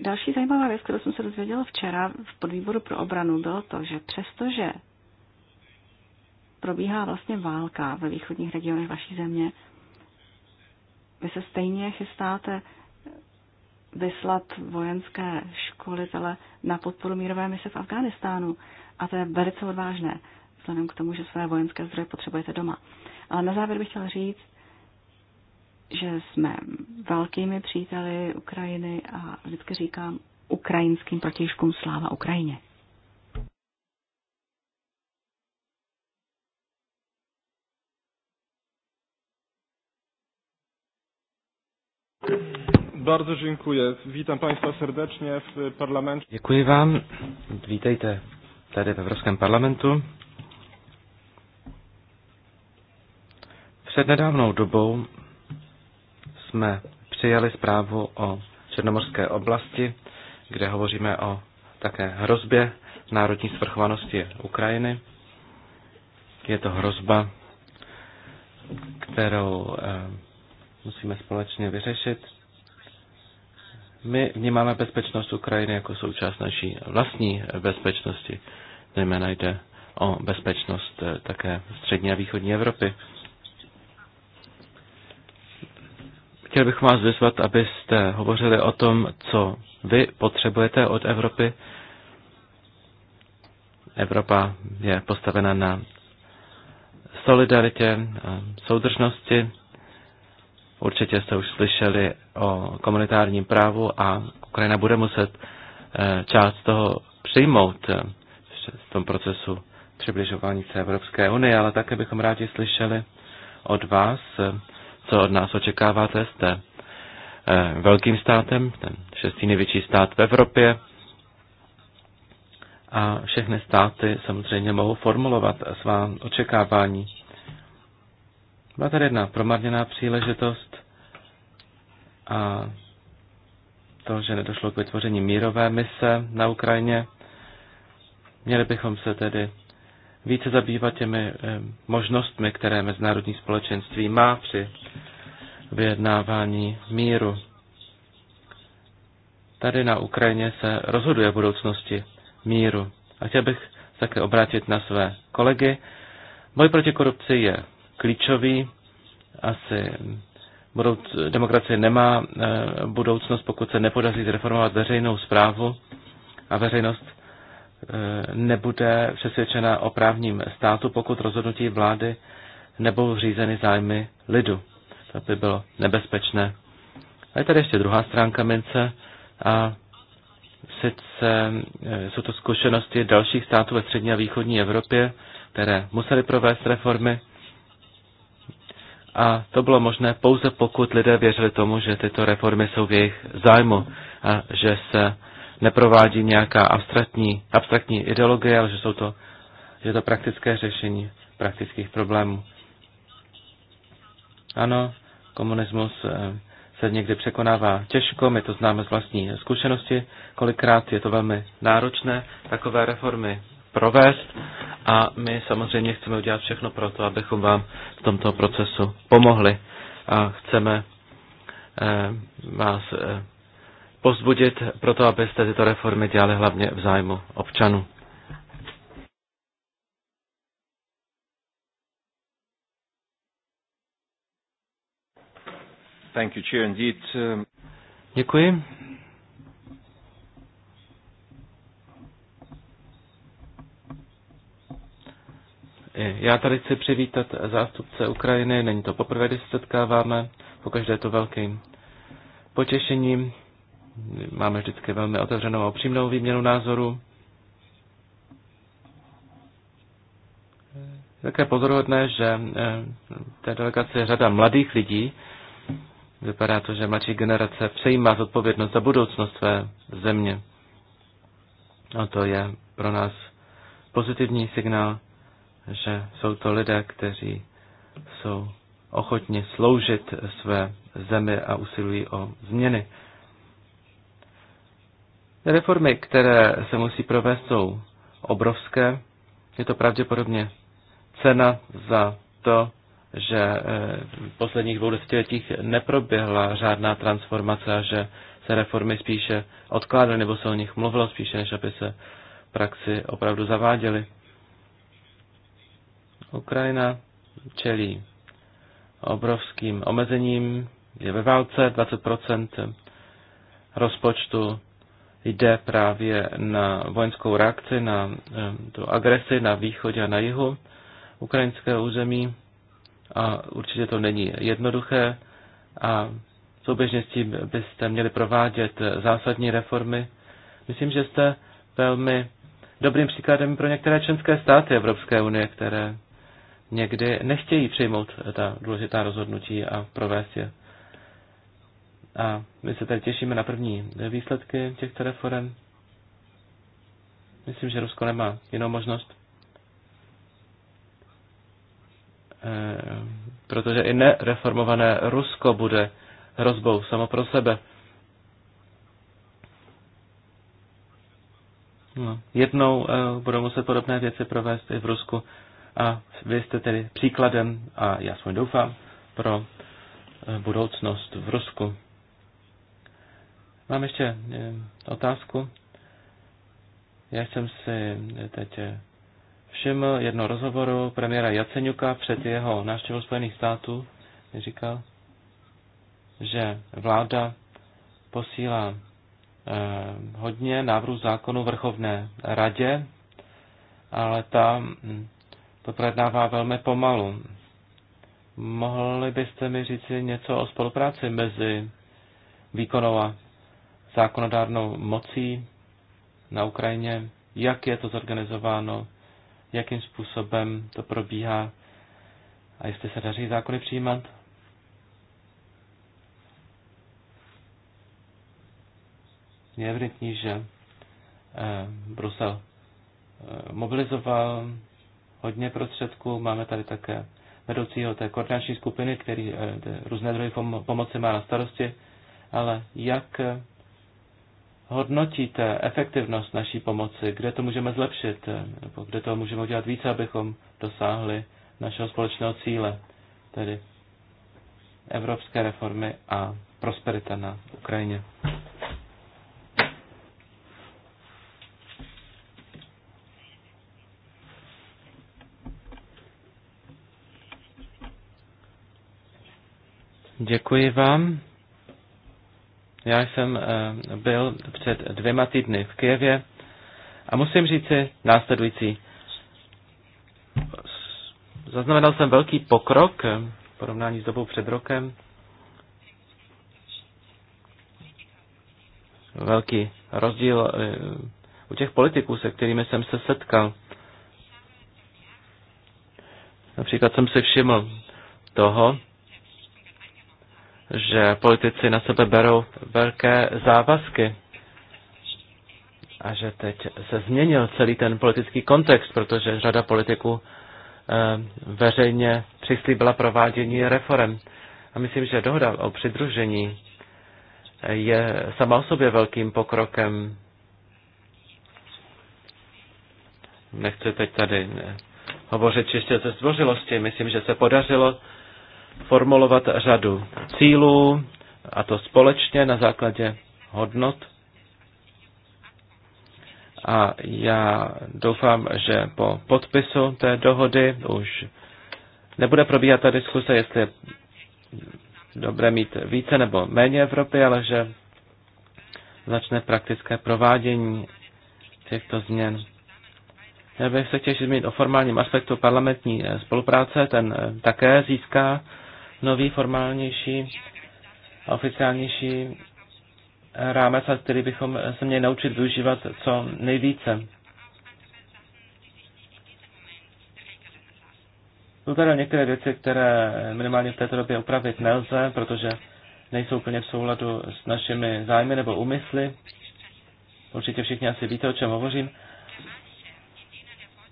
Další zajímavá věc, kterou jsem se dozvěděla včera v podvýboru pro obranu, bylo to, že přestože probíhá vlastně válka ve východních regionech vaší země, vy se stejně chystáte vyslat vojenské školitele na podporu mírové mise v Afghánistánu. A to je velice odvážné, vzhledem k tomu, že své vojenské zdroje potřebujete doma. Ale na závěr bych chtěl říct, že jsme velkými příteli Ukrajiny a vždycky říkám ukrajinským protižkům sláva Ukrajině. Bardzo dziękuję. Witam Państwa serdecznie w parlamencie. Děkuji vám. Witajcie tady w Europejskim parlamentu. Před nedávnou dobou jsme přijali zprávu o Černomorské oblasti, kde hovoříme o také hrozbě národní svrchovanosti Ukrajiny. Je to hrozba, kterou eh, musíme společně vyřešit. My vnímáme bezpečnost Ukrajiny jako součást naší vlastní bezpečnosti. Zejména jde o bezpečnost eh, také střední a východní Evropy. Chtěl bych vás vyzvat, abyste hovořili o tom, co vy potřebujete od Evropy. Evropa je postavena na solidaritě a soudržnosti. Určitě jste už slyšeli o komunitárním právu a Ukrajina bude muset eh, část toho přijmout eh, v tom procesu přibližování se Evropské unie, ale také bychom rádi slyšeli od vás, eh, co od nás očekáváte. Jste velkým státem, ten šestý největší stát v Evropě a všechny státy samozřejmě mohou formulovat svá očekávání. Byla tady jedna promarněná příležitost a to, že nedošlo k vytvoření mírové mise na Ukrajině. Měli bychom se tedy více zabývat těmi eh, možnostmi, které mezinárodní společenství má při vyjednávání míru. Tady na Ukrajině se rozhoduje o budoucnosti míru. A chtěl bych také obrátit na své kolegy. Boj proti korupci je klíčový. Asi budouc, demokracie nemá eh, budoucnost, pokud se nepodaří zreformovat veřejnou zprávu a veřejnost eh, nebude přesvědčena o právním státu, pokud rozhodnutí vlády nebo řízeny zájmy lidu. To by bylo nebezpečné. A je tady ještě druhá stránka mince a sice eh, jsou to zkušenosti dalších států ve střední a východní Evropě, které museli provést reformy a to bylo možné pouze pokud lidé věřili tomu, že tyto reformy jsou v jejich zájmu a že se neprovádí nějaká abstraktní, abstraktní ideologie, ale že jsou to, že to praktické řešení praktických problémů. Ano, komunismus eh, se někdy překonává těžko, my to známe z vlastní zkušenosti, kolikrát je to velmi náročné takové reformy provést a my samozřejmě chceme udělat všechno pro to, abychom vám v tomto procesu pomohli a chceme eh, vás eh, pozbudit pro to, abyste tyto reformy dělali hlavně v zájmu občanů. Thank you, Chair. Indeed, Děkuji. Já tady chci přivítat zástupce Ukrajiny, není to poprvé, kdy se setkáváme, pokaždé je to velkým potěšením. Máme vždycky velmi otevřenou a upřímnou výměnu názoru. Také pozoruhodné, že v eh, té delegaci je řada mladých lidí. Vypadá to, že mladší generace přejímá zodpovědnost za budoucnost své země. A to je pro nás pozitivní signál že jsou to lidé, kteří jsou ochotni sloužit své zemi a usilují o změny. Reformy, které se musí provést, jsou obrovské. Je to pravděpodobně cena za to, že eh, v posledních dvou desetiletích neproběhla žádná transformace a že se reformy spíše odkládaly nebo se o nich mluvilo spíše, než aby se praxi opravdu zaváděly. Ukrajina čelí obrovským omezením, je ve válce, 20% rozpočtu jde právě na vojenskou reakci, na eh, tu agresi na východě a na jihu ukrajinského území a určitě to není jednoduché a souběžně s tím byste měli provádět zásadní reformy. Myslím, že jste velmi dobrým příkladem pro některé členské státy Evropské unie, které někdy nechtějí přijmout ta důležitá rozhodnutí a provést je. A my se tady těšíme na první výsledky těchto reform. Myslím, že Rusko nemá jinou možnost. E, protože i nereformované Rusko bude hrozbou samo pro sebe. No. Jednou e, budou muset podobné věci provést i v Rusku. E, a vy jste tedy příkladem, a já svůj doufám, pro eh, budoucnost v Rusku. Mám ještě eh, otázku. Já jsem si eh, teď všiml jedno rozhovoru premiéra Jaceňuka před jeho návštěvou Spojených států, říkal, že vláda posílá hodně návrhů zákonu vrchovné radě, ale ta hm, to projednává velmi pomalu. Mohli byste mi říci něco o spolupráci mezi výkonou a zákonodárnou mocí na Ukrajině? Jak je to zorganizováno? Jakým způsobem to probíhá? A jestli se daří zákony přijímat? Je evidentní, že eh, Brusel eh, mobilizoval Hodně prostředků. Máme tady také vedoucího té koordinační skupiny, který eh, různé druhy pomoci má na starosti, ale jak eh, hodnotíte efektivnost naší pomoci, kde to můžeme zlepšit, eh, nebo kde to můžeme udělat více, abychom dosáhli našeho společného cíle, tedy evropské reformy a prosperita na Ukrajině. Děkuji vám. Já jsem eh, byl před dvěma týdny v Kijevě a musím říci následující. Zaznamenal jsem velký pokrok v porovnání s dobou před rokem. Velký rozdíl eh, u těch politiků, se kterými jsem se setkal. Například jsem se všiml toho, že politici na sebe berou velké závazky a že teď se změnil celý ten politický kontext, protože řada politiků eh, veřejně přislíbila provádění reform. A myslím, že dohoda o přidružení je sama o sobě velkým pokrokem. Nechci teď tady eh, hovořit čistě ze zdvořilosti. Myslím, že se podařilo formulovat řadu cílů, a to společně na základě hodnot. A já doufám, že po podpisu té dohody už nebude probíhat ta diskuse, jestli je dobré mít více nebo méně Evropy, ale že začne praktické provádění těchto změn. Já bych se chtěl zmínit o formálním aspektu parlamentní spolupráce, ten také získá nový, formálnější a oficiálnější rámec, a který bychom se měli naučit využívat co nejvíce. Jsou tady některé věci, které minimálně v této době upravit nelze, protože nejsou úplně v souladu s našimi zájmy nebo úmysly. Určitě všichni asi víte, o čem hovořím.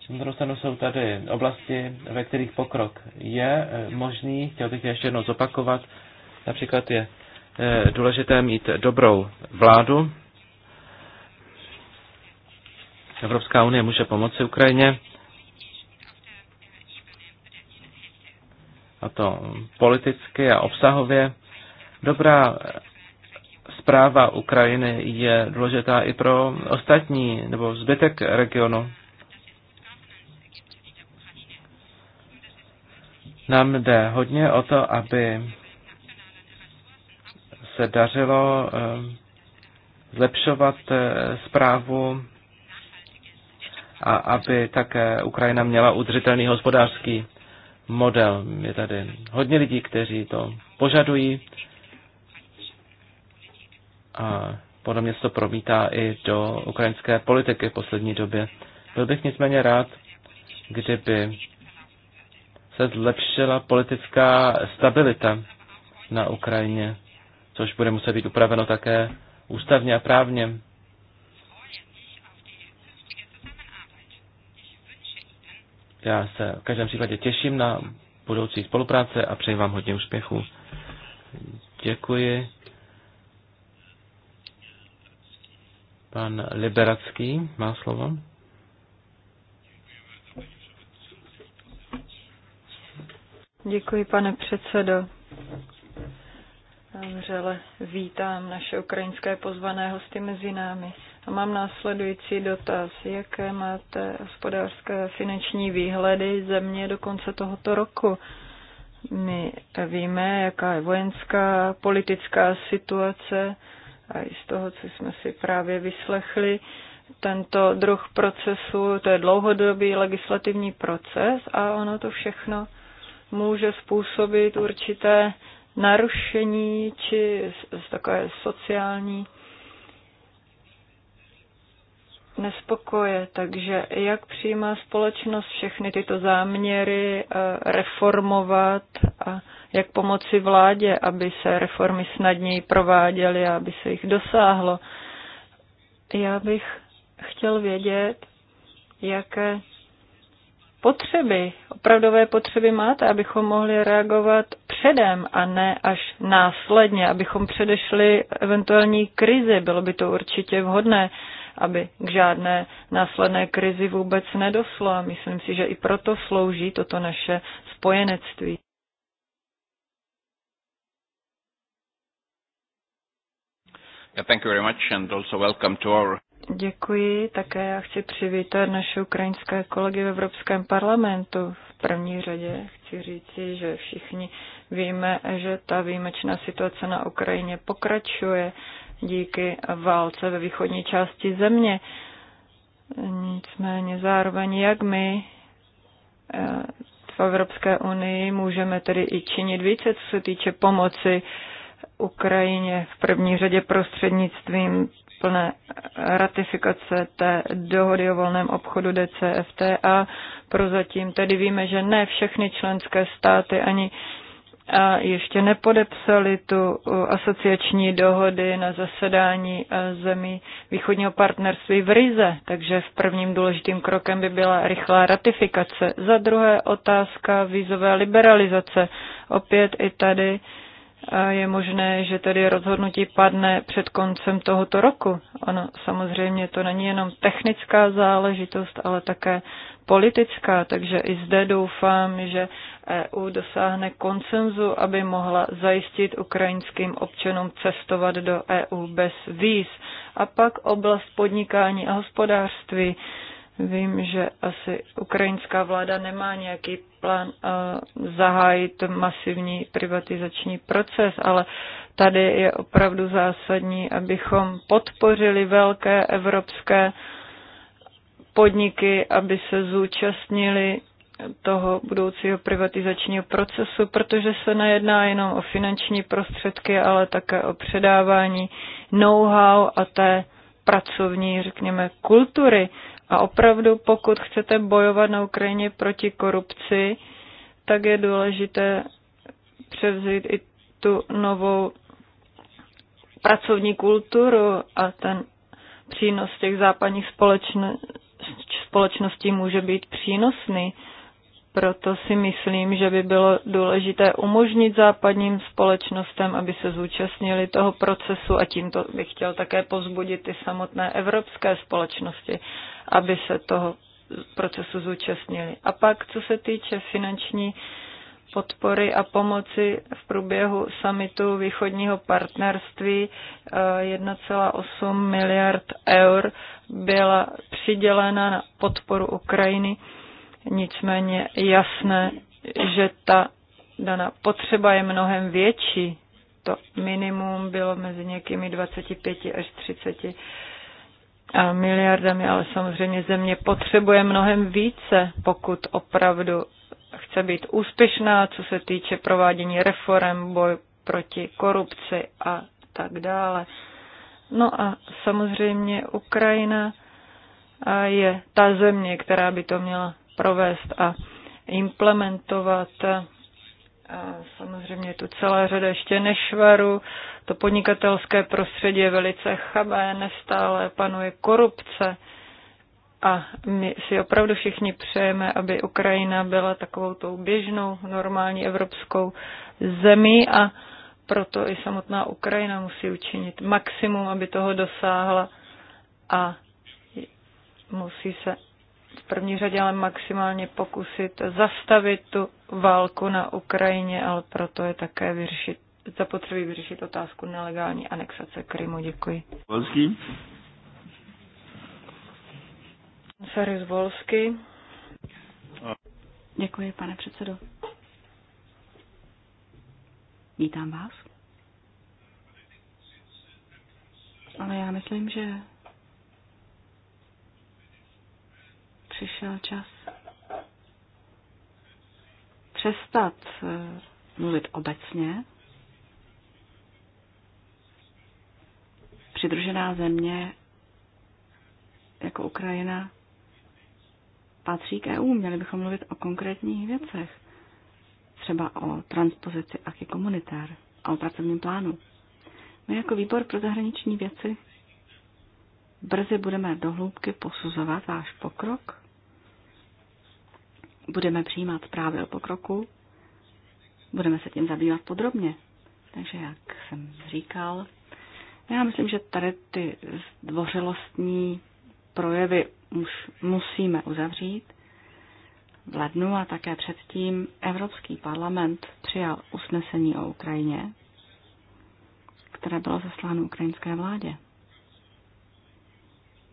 Na druhou stranu jsou tady oblasti, ve kterých pokrok je eh, možný. Chtěl bych ještě jednou zopakovat. Například je eh, důležité mít dobrou vládu. Evropská unie může pomoci Ukrajině. A to politicky a obsahově. Dobrá zpráva Ukrajiny je důležitá i pro ostatní nebo zbytek regionu. nám jde hodně o to, aby se dařilo eh, zlepšovat zprávu eh, a aby také Ukrajina měla udržitelný hospodářský model. Je tady hodně lidí, kteří to požadují a podle mě se to promítá i do ukrajinské politiky v poslední době. Byl bych nicméně rád, kdyby se zlepšila politická stabilita na Ukrajině, což bude muset být upraveno také ústavně a právně. Já se v každém případě těším na budoucí spolupráce a přeji vám hodně úspěchů. Děkuji. Pan Liberacký má slovo. Děkuji, pane předsedo. Vřele vítám naše ukrajinské pozvané hosty mezi námi. A mám následující dotaz. Jaké máte hospodářské finanční výhledy země do konce tohoto roku? My víme, jaká je vojenská, politická situace a i z toho, co jsme si právě vyslechli, tento druh procesu, to je dlouhodobý legislativní proces a ono to všechno může způsobit určité narušení či takové sociální nespokoje. Takže jak přijímá společnost všechny tyto záměry eh, reformovat a jak pomoci vládě, aby se reformy snadněji prováděly a aby se jich dosáhlo. Já bych chtěl vědět, jaké potřeby, opravdové potřeby máte, abychom mohli reagovat předem a ne až následně, abychom předešli eventuální krizi. Bylo by to určitě vhodné, aby k žádné následné krizi vůbec nedoslo a myslím si, že i proto slouží toto naše spojenectví. Yeah, thank you very much and also welcome to our Děkuji. Také já chci přivítat naše ukrajinské kolegy v Evropském parlamentu. V první řadě chci říci, že všichni víme, že ta výjimečná situace na Ukrajině pokračuje díky válce ve východní části země. Nicméně zároveň jak my eh, v Evropské unii můžeme tedy i činit více, co se týče pomoci Ukrajině v první řadě prostřednictvím plné ratifikace té dohody o volném obchodu DCFTA. Prozatím tedy víme, že ne všechny členské státy ani a ještě nepodepsali tu uh, asociační dohody na zasedání uh, zemí východního partnerství v Rize, takže v prvním důležitým krokem by byla rychlá ratifikace. Za druhé otázka vízové liberalizace. Opět i tady je možné, že tedy rozhodnutí padne před koncem tohoto roku. Ono samozřejmě to není jenom technická záležitost, ale také politická, takže i zde doufám, že EU dosáhne konsenzu, aby mohla zajistit ukrajinským občanům cestovat do EU bez víz. A pak oblast podnikání a hospodářství. Vím, že asi ukrajinská vláda nemá nějaký plán uh, zahájit masivní privatizační proces, ale tady je opravdu zásadní, abychom podpořili velké evropské podniky, aby se zúčastnili toho budoucího privatizačního procesu, protože se nejedná jenom o finanční prostředky, ale také o předávání know-how a té pracovní, řekněme, kultury. A opravdu, pokud chcete bojovat na Ukrajině proti korupci, tak je důležité převzít i tu novou pracovní kulturu a ten přínos těch západních společností může být přínosný. Proto si myslím, že by bylo důležité umožnit západním společnostem, aby se zúčastnili toho procesu a tímto bych chtěl také pozbudit i samotné evropské společnosti, aby se toho procesu zúčastnili. A pak, co se týče finanční podpory a pomoci v průběhu samitu východního partnerství 1,8 eh, miliard eur byla přidělena na podporu Ukrajiny Nicméně jasné, že ta daná potřeba je mnohem větší. To minimum bylo mezi někými 25 až 30 a miliardami, ale samozřejmě země potřebuje mnohem více, pokud opravdu chce být úspěšná, co se týče provádění reform, boj proti korupci a tak dále. No a samozřejmě Ukrajina je ta země, která by to měla provést a implementovat. A samozřejmě tu celá řada ještě nešvaru, to podnikatelské prostředí je velice chabé, nestále panuje korupce a my si opravdu všichni přejeme, aby Ukrajina byla takovou tou běžnou, normální evropskou zemí a proto i samotná Ukrajina musí učinit maximum, aby toho dosáhla a musí se v první řadě ale maximálně pokusit zastavit tu válku na Ukrajině, ale proto je také vyřešit, zapotřebí vyřešit otázku nelegální anexace Krymu. Děkuji. Volský. Sarius Volsky. Děkuji, pane předsedo. Vítám vás. Ale já myslím, že přišel čas přestat eh, mluvit obecně. Přidružená země jako Ukrajina patří k EU. Měli bychom mluvit o konkrétních věcech, třeba o transpozici aky komunitár a o pracovním plánu. My jako výbor pro zahraniční věci brzy budeme dohloubky posuzovat váš pokrok budeme přijímat zprávy o pokroku, budeme se tím zabývat podrobně. Takže, jak jsem říkal, já myslím, že tady ty zdvořilostní projevy už musíme uzavřít. V lednu a také předtím Evropský parlament přijal usnesení o Ukrajině, které bylo zasláno ukrajinské vládě.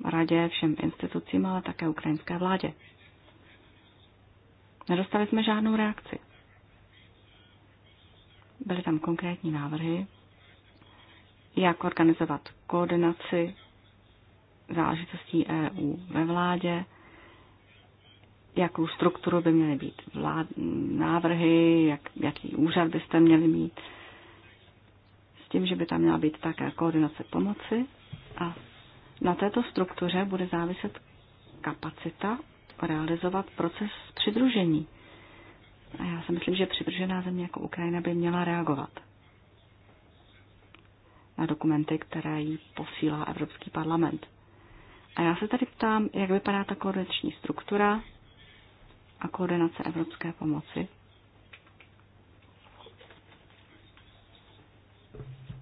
Radě, všem institucím, ale také ukrajinské vládě. Nedostali jsme žádnou reakci. Byly tam konkrétní návrhy, jak organizovat koordinaci záležitostí EU ve vládě, jakou strukturu by měly být vlád, návrhy, jak, jaký úřad byste měli mít, s tím, že by tam měla být také koordinace pomoci a na této struktuře bude záviset kapacita realizovat proces přidružení. A já si myslím, že přidružená země jako Ukrajina by měla reagovat na dokumenty, které jí posílá Evropský parlament. A já se tady ptám, jak vypadá ta koordinační struktura a koordinace evropské pomoci.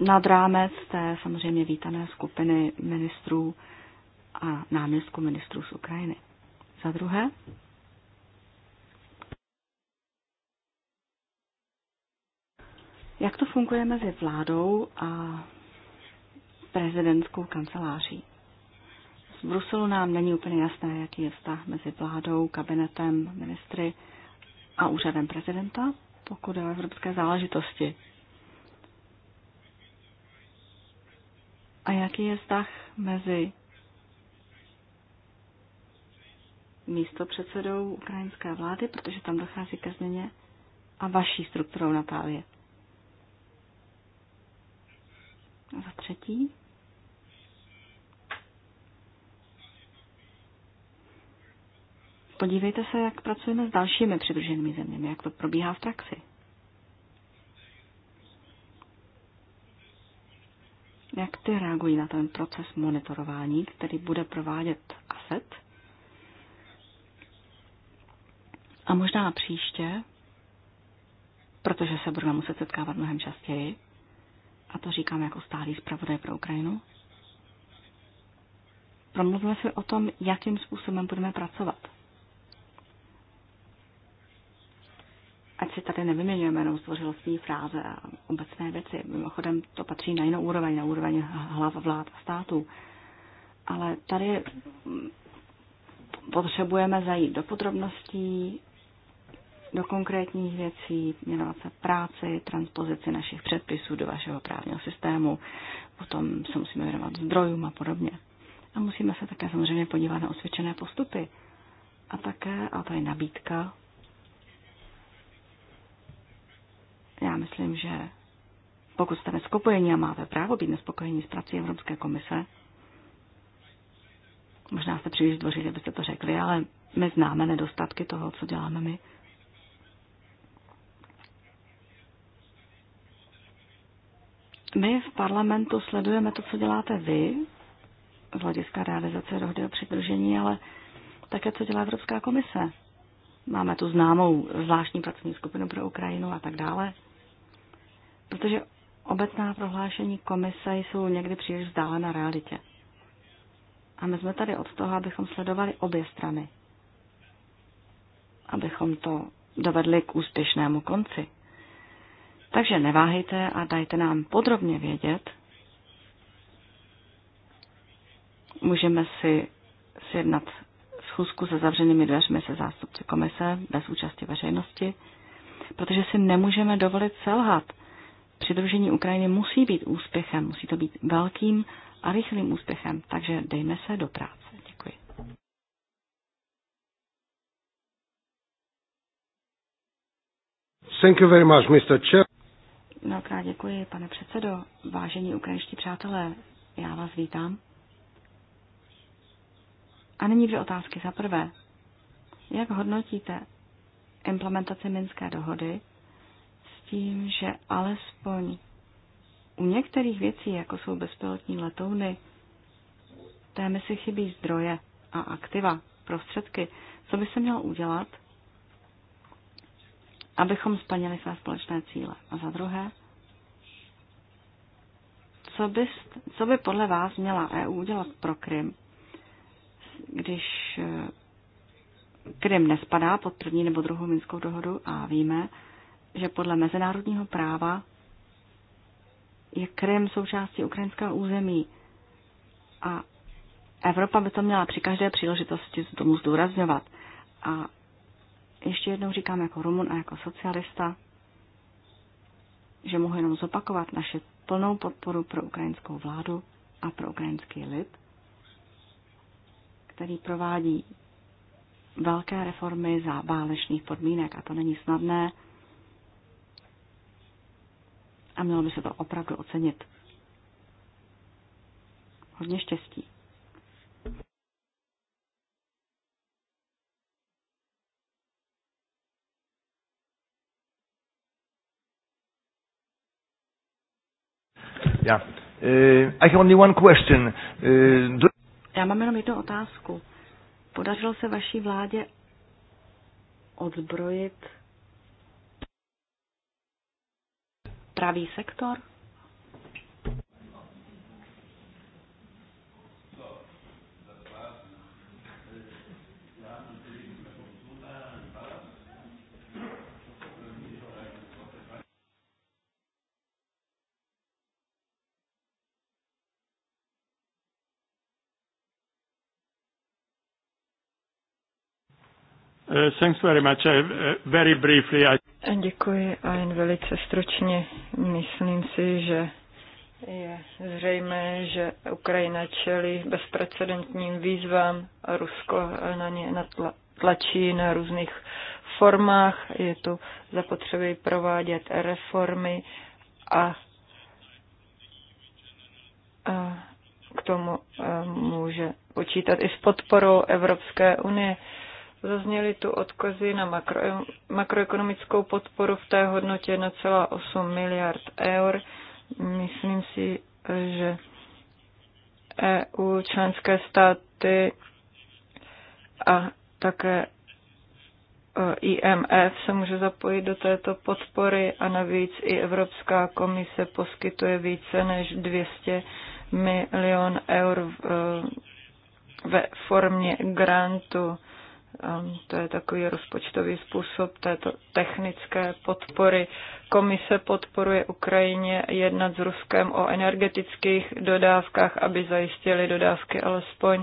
Nad rámec té samozřejmě vítané skupiny ministrů a náměstku ministrů z Ukrajiny. Za druhé. Jak to funguje mezi vládou a prezidentskou kanceláří? Z Bruselu nám není úplně jasné, jaký je vztah mezi vládou, kabinetem, ministry a úřadem prezidenta, pokud je o evropské záležitosti. A jaký je vztah mezi místo předsedou ukrajinské vlády, protože tam dochází ke změně a vaší strukturou Natálie. A za třetí. Podívejte se, jak pracujeme s dalšími přidruženými zeměmi, jak to probíhá v praxi. Jak ty reagují na ten proces monitorování, který bude provádět ASET? A možná příště, protože se budeme muset setkávat mnohem častěji, a to říkám jako stálý zpravodaj pro Ukrajinu, promluvme si o tom, jakým způsobem budeme pracovat. Ať si tady nevyměňujeme jenom stvořilostní fráze a obecné věci. Mimochodem to patří na jinou úroveň, na úroveň hlav vlád a států. Ale tady potřebujeme zajít do podrobností, do konkrétních věcí, věnovat se práci, transpozici našich předpisů do vašeho právního systému, potom se musíme věnovat zdrojům a podobně. A musíme se také samozřejmě podívat na osvědčené postupy. A také, a to je nabídka, já myslím, že pokud jste nespokojení a máte právo být nespokojení s prací Evropské komise, možná jste příliš dvořili, abyste to řekli, ale my známe nedostatky toho, co děláme my. My v parlamentu sledujeme to, co děláte vy, z hlediska realizace dohody o přidružení, ale také, co dělá Evropská komise. Máme tu známou zvláštní pracovní skupinu pro Ukrajinu a tak dále. Protože obecná prohlášení komise jsou někdy příliš na realitě. A my jsme tady od toho, abychom sledovali obě strany. Abychom to dovedli k úspěšnému konci. Takže neváhejte a dajte nám podrobně vědět. Můžeme si sjednat schůzku se zavřenými dveřmi se zástupci komise bez účasti veřejnosti, protože si nemůžeme dovolit selhat. Přidružení Ukrajiny musí být úspěchem, musí to být velkým a rychlým úspěchem, takže dejme se do práce. Děkuji. Thank you very much, Mr. Chair. Mnohokrát děkuji, pane předsedo. Vážení ukrajinští přátelé, já vás vítám. A nyní dvě otázky. Za prvé, jak hodnotíte implementaci Minské dohody s tím, že alespoň u některých věcí, jako jsou bezpilotní letouny, té si chybí zdroje a aktiva, prostředky. Co by se mělo udělat, abychom splnili své společné cíle. A za druhé, co by, co by podle vás měla EU udělat pro Krym, když eh, Krym nespadá pod první nebo druhou minskou dohodu a víme, že podle mezinárodního práva je Krym součástí ukrajinského území a Evropa by to měla při každé příležitosti tomu zdůrazňovat. A ještě jednou říkám jako Rumun a jako socialista, že mohu jenom zopakovat naše plnou podporu pro ukrajinskou vládu a pro ukrajinský lid, který provádí velké reformy za válečných podmínek a to není snadné a mělo by se to opravdu ocenit. Hodně štěstí. Yeah. Uh, I have only one question. Uh, do... Já mám jenom jednu otázku. Podařilo se vaší vládě odzbrojit pravý sektor? Uh, thanks very much. Uh, very briefly. I... Děkuji a jen velice stručně. Myslím si, že je zřejmé, že Ukrajina čelí bezprecedentním výzvám a Rusko na ně tlačí na různých formách. Je tu zapotřebí provádět reformy a, a k tomu eh, může počítat i s podporou Evropské unie. Zazněly tu odkazy na makro, makroekonomickou podporu v té hodnotě 1,8 miliard eur. Myslím si, že EU, členské státy a také e, IMF se může zapojit do této podpory a navíc i Evropská komise poskytuje více než 200 milion eur e, ve formě grantu. To je takový rozpočtový způsob této technické podpory. Komise podporuje Ukrajině jednat s Ruskem o energetických dodávkách, aby zajistili dodávky alespoň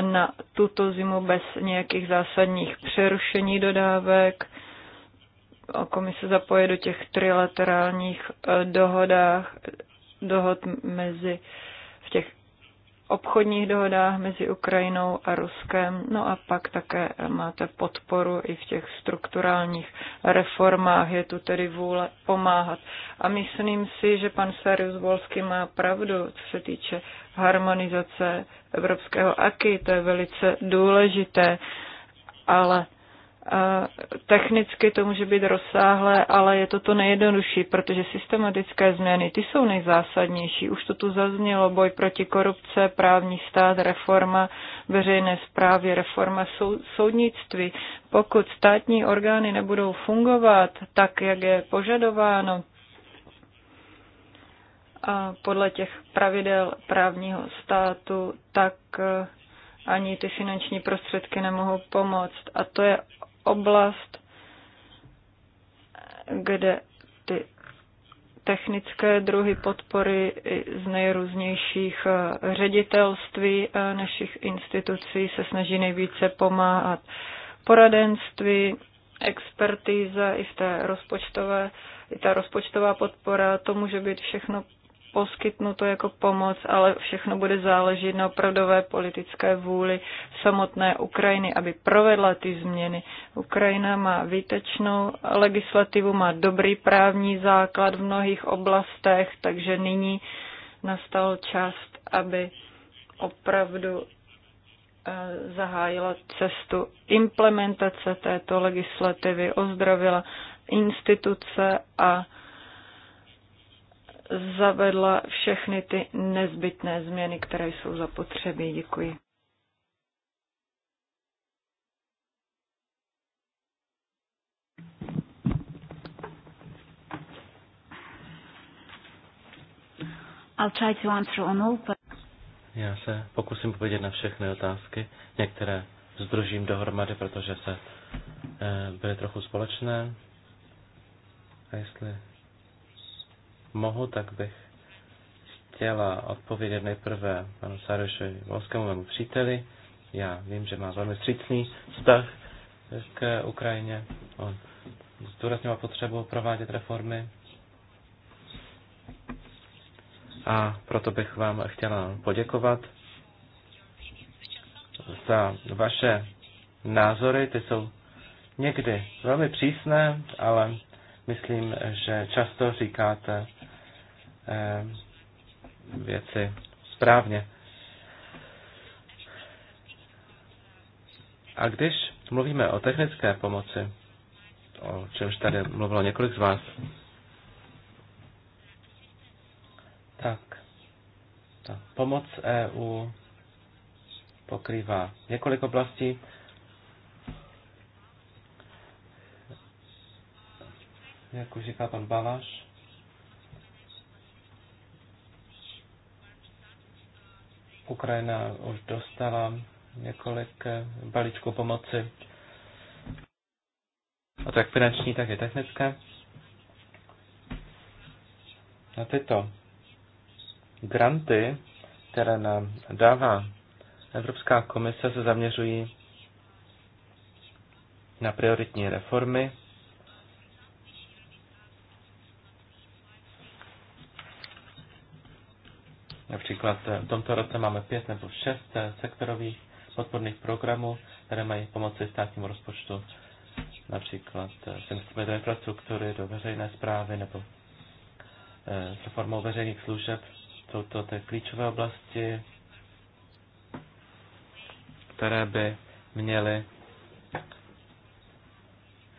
na tuto zimu bez nějakých zásadních přerušení dodávek. Komise zapoje do těch trilaterálních eh, dohodách, dohod mezi v těch obchodních dohodách mezi Ukrajinou a Ruskem. No a pak také máte podporu i v těch strukturálních reformách. Je tu tedy vůle pomáhat. A myslím si, že pan Sarius Volsky má pravdu, co se týče harmonizace evropského aky, To je velice důležité, ale Technicky to může být rozsáhlé, ale je to to nejjednodušší, protože systematické změny, ty jsou nejzásadnější. Už to tu zaznělo, boj proti korupce, právní stát, reforma veřejné zprávy, reforma sou, soudnictví. Pokud státní orgány nebudou fungovat tak, jak je požadováno, a podle těch pravidel právního státu, tak eh, ani ty finanční prostředky nemohou pomoct. A to je oblast, kde ty technické druhy podpory z nejrůznějších eh, ředitelství eh, našich institucí se snaží nejvíce pomáhat poradenství, expertíza i v té rozpočtové, i ta rozpočtová podpora, to může být všechno poskytnuto jako pomoc, ale všechno bude záležet na opravdové politické vůli samotné Ukrajiny, aby provedla ty změny. Ukrajina má výtečnou legislativu, má dobrý právní základ v mnohých oblastech, takže nyní nastal čas, aby opravdu eh, zahájila cestu implementace této legislativy, ozdravila instituce a zavedla všechny ty nezbytné změny, které jsou zapotřebí. Děkuji. I'll try to answer on all, but... Já se pokusím odpovědět na všechny otázky. Některé združím dohromady, protože se eh, byly trochu společné. A jestli mohu, tak bych chtěla odpovědět nejprve panu Sarošovi Volskému, mému příteli. Já vím, že má velmi střícný vztah k Ukrajině. On zdůrazňoval potřebu provádět reformy. A proto bych vám chtěla poděkovat za vaše názory. Ty jsou někdy velmi přísné, ale myslím, že často říkáte Eh, věci správně. A když mluvíme o technické pomoci, o čemž tady mluvilo několik z vás, tak ta pomoc EU pokrývá několik oblastí. Jak už říká pan Baláš, Ukrajina už dostala několik eh, balíčků pomoci, a to jak finanční, tak i technické. Na tyto granty, které nám dává Evropská komise, se zaměřují na prioritní reformy Například eh, v tomto roce máme pět nebo šest eh, sektorových podporných programů, které mají pomoci státnímu rozpočtu, například investujeme eh, do infrastruktury, do veřejné zprávy nebo se formou veřejných služeb. Jsou to ty klíčové oblasti, které by měly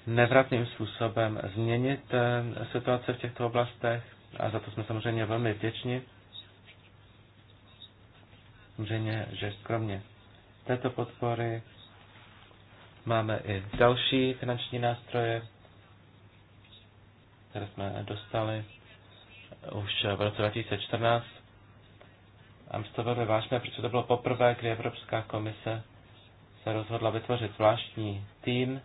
nevratným způsobem změnit situace v těchto oblastech a za to jsme samozřejmě velmi vděční samozřejmě, že skromně této podpory máme i další finanční nástroje, které jsme dostali už v roce 2014. A my to velmi vážné, protože to bylo poprvé, kdy Evropská komise se rozhodla vytvořit zvláštní tým.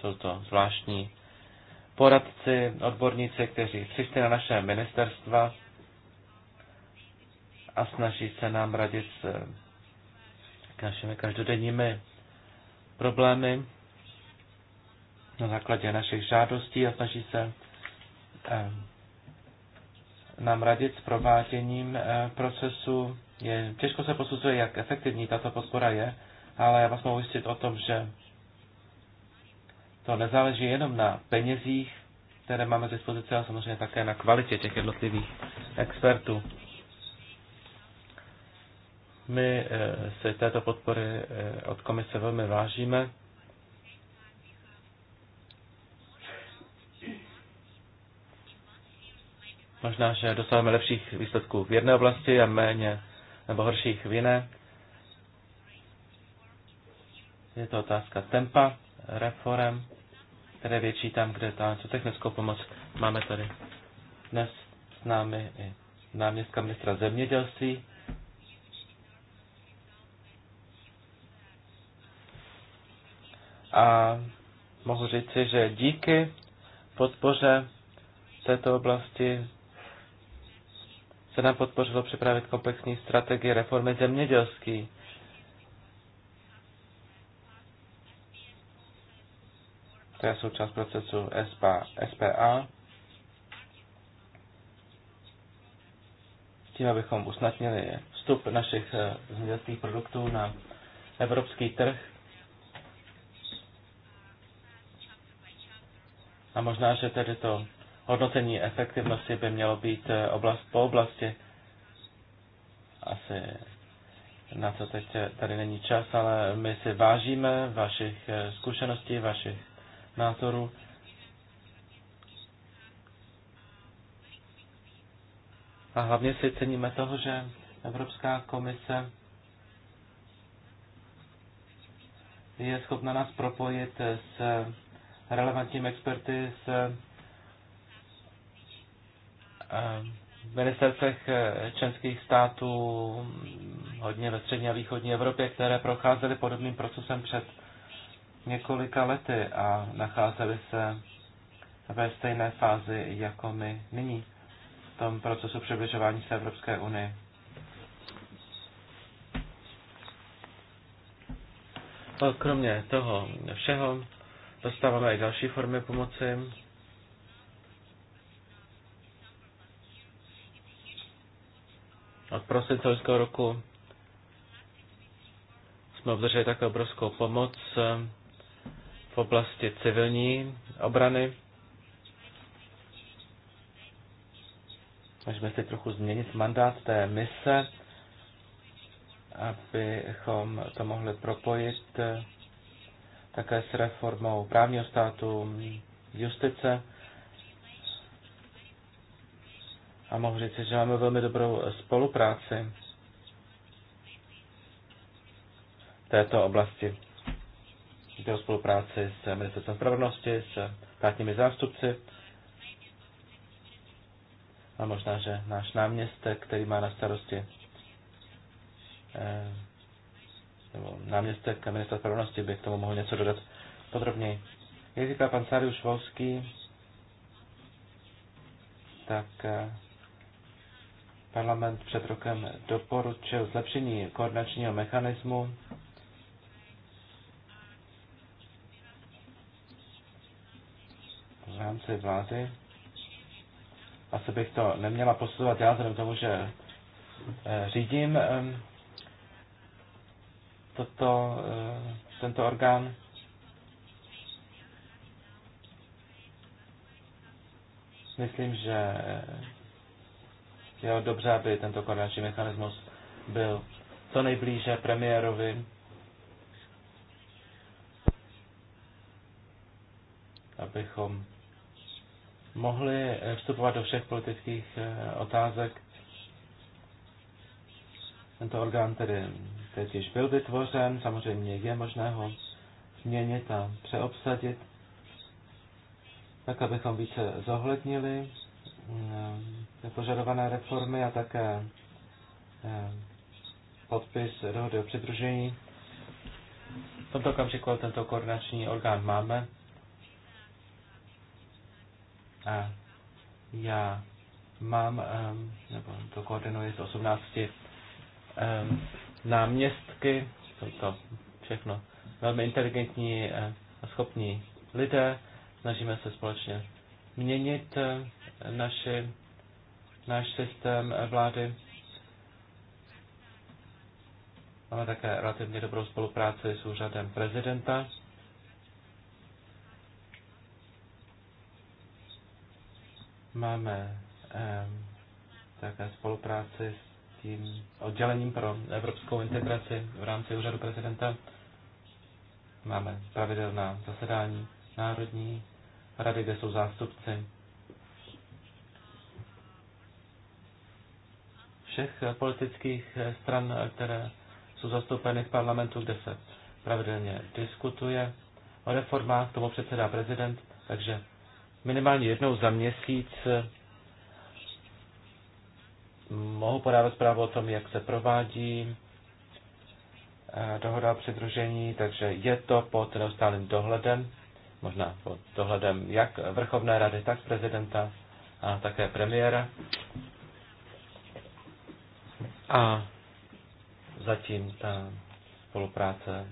Jsou to zvláštní poradci, odborníci, kteří přišli na naše ministerstva a snaží se nám radit s našimi každodenními problémy na základě našich žádostí a snaží se eh, nám radit s prováděním eh, procesu. Je, těžko se posuzuje, jak efektivní tato podpora je, ale já vás mohu ujistit o tom, že to nezáleží jenom na penězích, které máme k dispozici, ale samozřejmě také na kvalitě těch jednotlivých expertů. My eh, se této podpory eh, od komise velmi vážíme. Možná, že dosáhneme lepších výsledků v jedné oblasti a méně nebo horších v jiné. Je to otázka tempa reform které větší tam, kde ta, co technickou pomoc máme tady dnes s námi i náměstka ministra zemědělství. A mohu říci, že díky podpoře této oblasti se nám podpořilo připravit komplexní strategii reformy zemědělství To je součást procesu SPA. SPA. Tím, abychom usnadnili vstup našich eh, zemědělských produktů na evropský trh. A možná, že tedy to hodnocení efektivnosti by mělo být eh, oblast po oblasti. Asi na to teď eh, tady není čas, ale my si vážíme vašich zkušeností, vašich názoru. A hlavně si ceníme toho, že Evropská komise je schopna nás propojit s relevantními experty z eh, ministerstvech eh, členských států mm, hodně ve střední a východní Evropě, které procházely podobným procesem před několika lety a nacházeli se ve stejné fázi jako my nyní v tom procesu přibližování se Evropské unii. A kromě toho všeho dostáváme i další formy pomoci. Od prosince roku jsme obdrželi také obrovskou pomoc v oblasti civilní obrany. Můžeme si trochu změnit mandát té mise, abychom to mohli propojit eh, také s reformou právního státu, justice. A mohu říct, že máme velmi dobrou spolupráci této oblasti. Jde spolupráci s ministerstvem spravedlnosti, s státními zástupci. A možná, že náš náměstek, který má na starosti eh, nebo náměstek ministra spravedlnosti by k tomu mohl něco dodat podrobněji. Jak říká pan Sáriuš Volský, tak eh, parlament před rokem doporučil zlepšení koordinačního mechanismu rámci vlády. Asi bych to neměla posuzovat já, vzhledem tomu, že eh, řídím toto, eh, tento orgán. Myslím, že je dobře, aby tento koordinační mechanismus byl co nejblíže premiérovi, abychom mohli eh, vstupovat do všech politických eh, otázek. Tento orgán tedy teď již byl vytvořen, samozřejmě je možné ho změnit a přeobsadit, tak abychom více zohlednili eh, požadované reformy a také podpis dohody o přidružení. V tomto okamžiku tento koordinační orgán máme já mám, nebo to koordinuji z 18 náměstky, jsou to všechno velmi inteligentní a schopní lidé, snažíme se společně měnit naši, náš systém vlády. Máme také relativně dobrou spolupráci s úřadem prezidenta. Máme také spolupráci s tím oddělením pro evropskou integraci v rámci úřadu prezidenta. Máme pravidelná zasedání Národní rady, kde jsou zástupci všech politických stran, které jsou zastoupeny v parlamentu, kde se pravidelně diskutuje o reformách, tomu předsedá prezident, takže minimálně jednou za měsíc eh, mohu podávat zprávu o tom, jak se provádí eh, dohoda o přidružení, takže je to pod neustálým dohledem, možná pod dohledem jak Vrchovné rady, tak prezidenta a také premiéra. A zatím ta spolupráce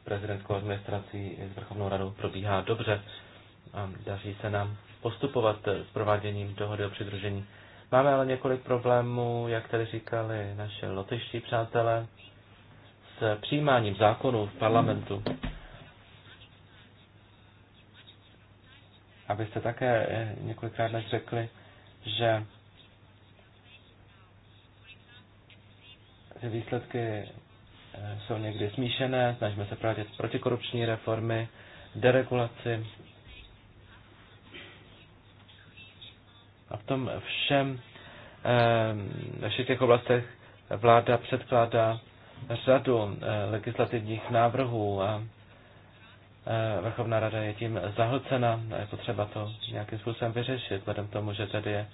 s prezidentskou administrací i s Vrchovnou radou probíhá dobře a daří se nám postupovat s prováděním dohody o přidružení. Máme ale několik problémů, jak tady říkali naše lotyští přátelé, s přijímáním zákonů v parlamentu. Abyste také eh, několikrát dnes řekli, že ty výsledky eh, jsou někdy smíšené, snažíme se provádět protikorupční reformy, deregulaci A v tom všem, eh, ve všech těch oblastech vláda předkládá řadu eh, legislativních návrhů a eh, Vrchovná rada je tím zahlcena a je potřeba to nějakým způsobem vyřešit, k tomu, že tady je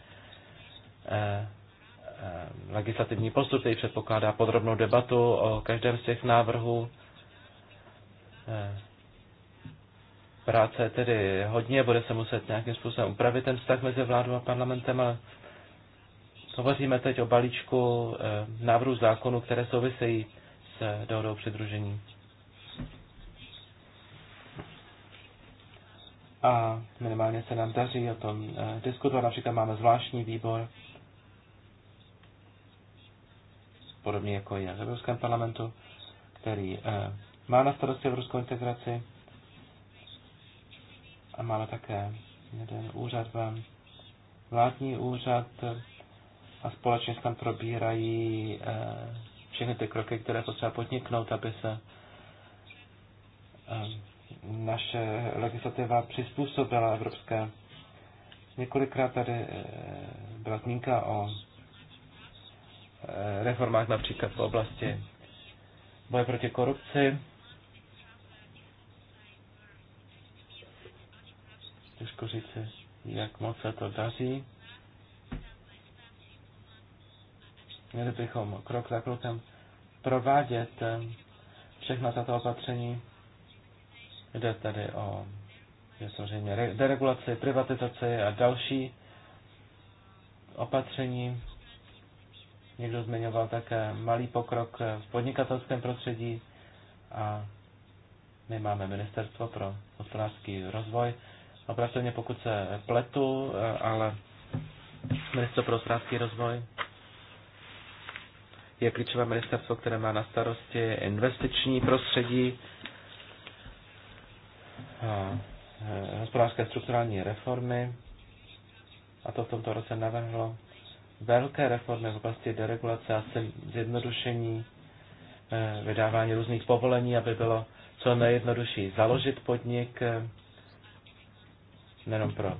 legislativní postup, který předpokládá podrobnou debatu o každém z těch návrhů práce je tedy hodně, bude se muset nějakým způsobem upravit ten vztah mezi vládou a parlamentem, ale hovoříme teď o balíčku eh, návrhů zákonů, které souvisejí s dohodou přidružení. A minimálně se nám daří o tom eh, diskutovat. Například máme zvláštní výbor, podobně jako je v Evropském parlamentu, který eh, má na starosti evropskou integraci. A máme také jeden úřad, eh, vládní úřad eh, a společně tam probírají eh, všechny ty kroky, které potřeba podniknout, aby se naše legislativa přizpůsobila evropské. Několikrát tady byla zmínka o reformách například v oblasti boje proti korupci. Těžko říct, jak moc se to daří. Měli bychom krok za krokem provádět eh, všechna tato opatření. Jde tady o je samozřejmě deregulaci, privatizaci a další opatření. Někdo zmiňoval také malý pokrok eh, v podnikatelském prostředí a my máme Ministerstvo pro hospodářský rozvoj, Opravdu mě, pokud se pletu, eh, ale Ministerstvo pro hospodářský rozvoj je klíčové ministerstvo, které má na starosti investiční prostředí, a eh, hospodářské strukturální reformy a to v tomto roce navrhlo velké reformy v oblasti deregulace a zjednodušení eh, vydávání různých povolení, aby bylo co nejjednodušší založit podnik, nejenom pro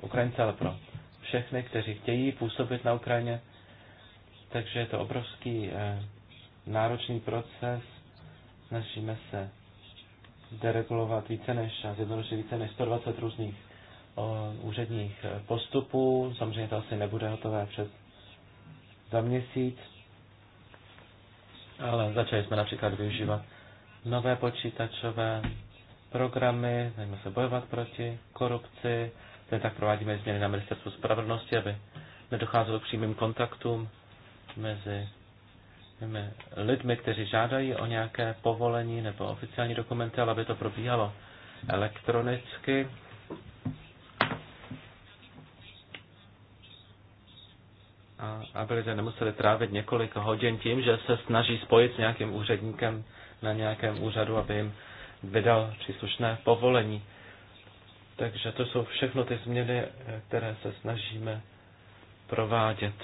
Ukrajince, ale pro všechny, kteří chtějí působit na Ukrajině. Takže je to obrovský eh, náročný proces. Snažíme se deregulovat více než a zjednodušit více než 120 různých o, úředních eh, postupů. Samozřejmě to asi nebude hotové před za měsíc, ale začali jsme například využívat nové počítačové programy, snažíme se bojovat proti korupci, Ten tak provádíme změny na ministerstvu spravedlnosti, aby nedocházelo k přímým kontaktům mezi nevíme, lidmi, kteří žádají o nějaké povolení nebo oficiální dokumenty, ale aby to probíhalo elektronicky. A aby lidé nemuseli trávit několik hodin tím, že se snaží spojit s nějakým úředníkem na nějakém úřadu, aby jim vydal příslušné povolení. Takže to jsou všechno ty změny, které se snažíme provádět.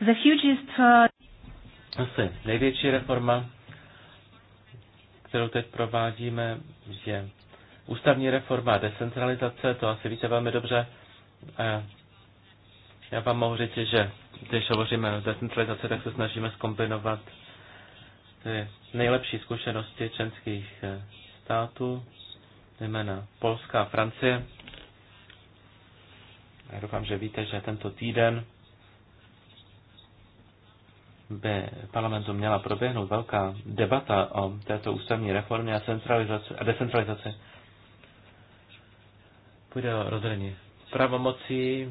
The hugest, uh... Asi největší reforma, kterou teď provádíme, je ústavní reforma a decentralizace, to asi víte velmi dobře. Já vám mohu říct, že když hovoříme o decentralizaci, tak se snažíme skombinovat ty nejlepší zkušenosti členských eh, států, jména Polska a Francie. Já doufám, že víte, že tento týden by parlamentu měla proběhnout velká debata o této ústavní reformě a, a decentralizaci. Půjde o rozdělení pravomocí,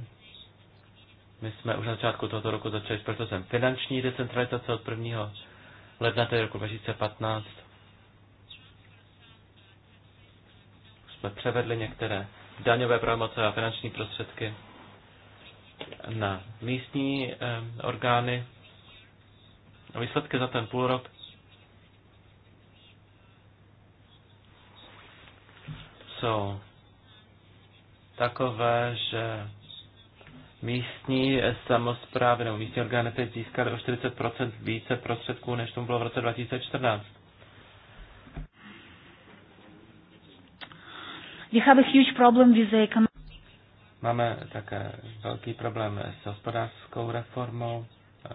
my jsme už na začátku tohoto roku začali s procesem finanční decentralizace od 1. ledna tedy roku 2015. Už jsme převedli některé daňové pravomoce a finanční prostředky na místní eh, orgány. A výsledky za ten půl rok jsou takové, že místní samozprávy nebo místní orgány teď získaly o 40 více prostředků, než tomu bylo v roce 2014. We have a huge problem with the Máme také velký problém s hospodářskou reformou eh,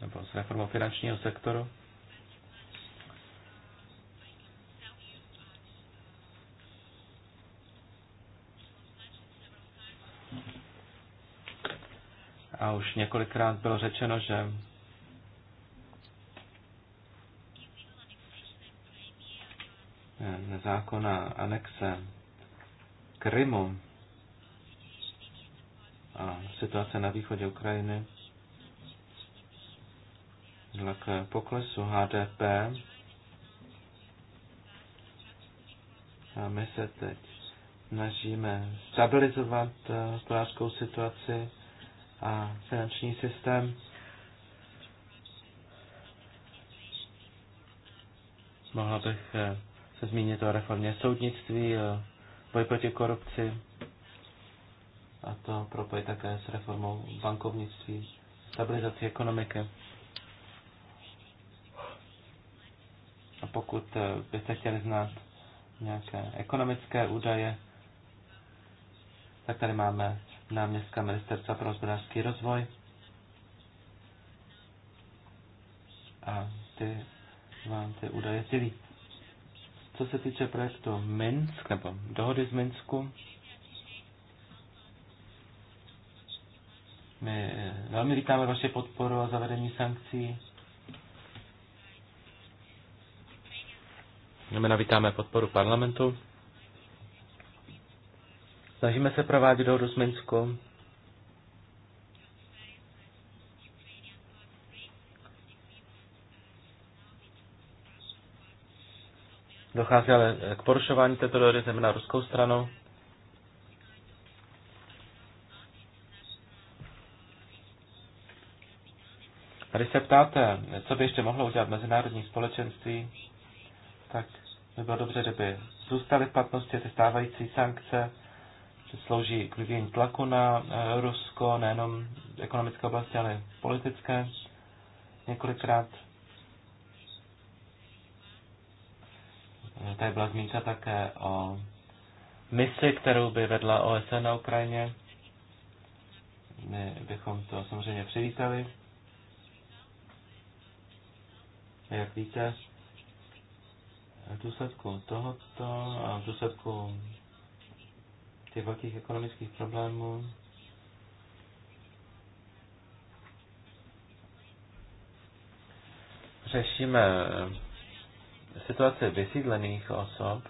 nebo s reformou finančního sektoru. A už několikrát bylo řečeno, že nezákonná anexe Krymu a situace na východě Ukrajiny vedla k poklesu HDP. A my se teď snažíme stabilizovat hospodářskou situaci a finanční systém. Mohla bych eh, se zmínit o reformě soudnictví, boj proti korupci a to propojit také s reformou bankovnictví, stabilizaci ekonomiky. A pokud eh, byste chtěli znát nějaké ekonomické údaje, tak tady máme náměstka Ministerstva pro hospodářský rozvoj. A ty vám ty údaje sdělí. Co se týče projektu Minsk, nebo dohody z Minsku, my eh, velmi vítáme vaše podporu a zavedení sankcí. My vítáme podporu parlamentu. Snažíme se provádět dohodu s Dochází ale k porušování této dohody na ruskou stranu. A když se ptáte, co by ještě mohlo udělat mezinárodní společenství, tak by bylo dobře, kdyby zůstaly v platnosti ty stávající sankce, slouží k vyvíjení tlaku na eh, Rusko, nejenom v ekonomické oblasti, ale i politické. Několikrát eh, tady byla zmínka také o misi, kterou by vedla OSN na Ukrajině. My bychom to samozřejmě přivítali. Jak víte, v důsledku tohoto a v důsledku těch velkých ekonomických problémů. Řešíme eh, situace vysídlených osob.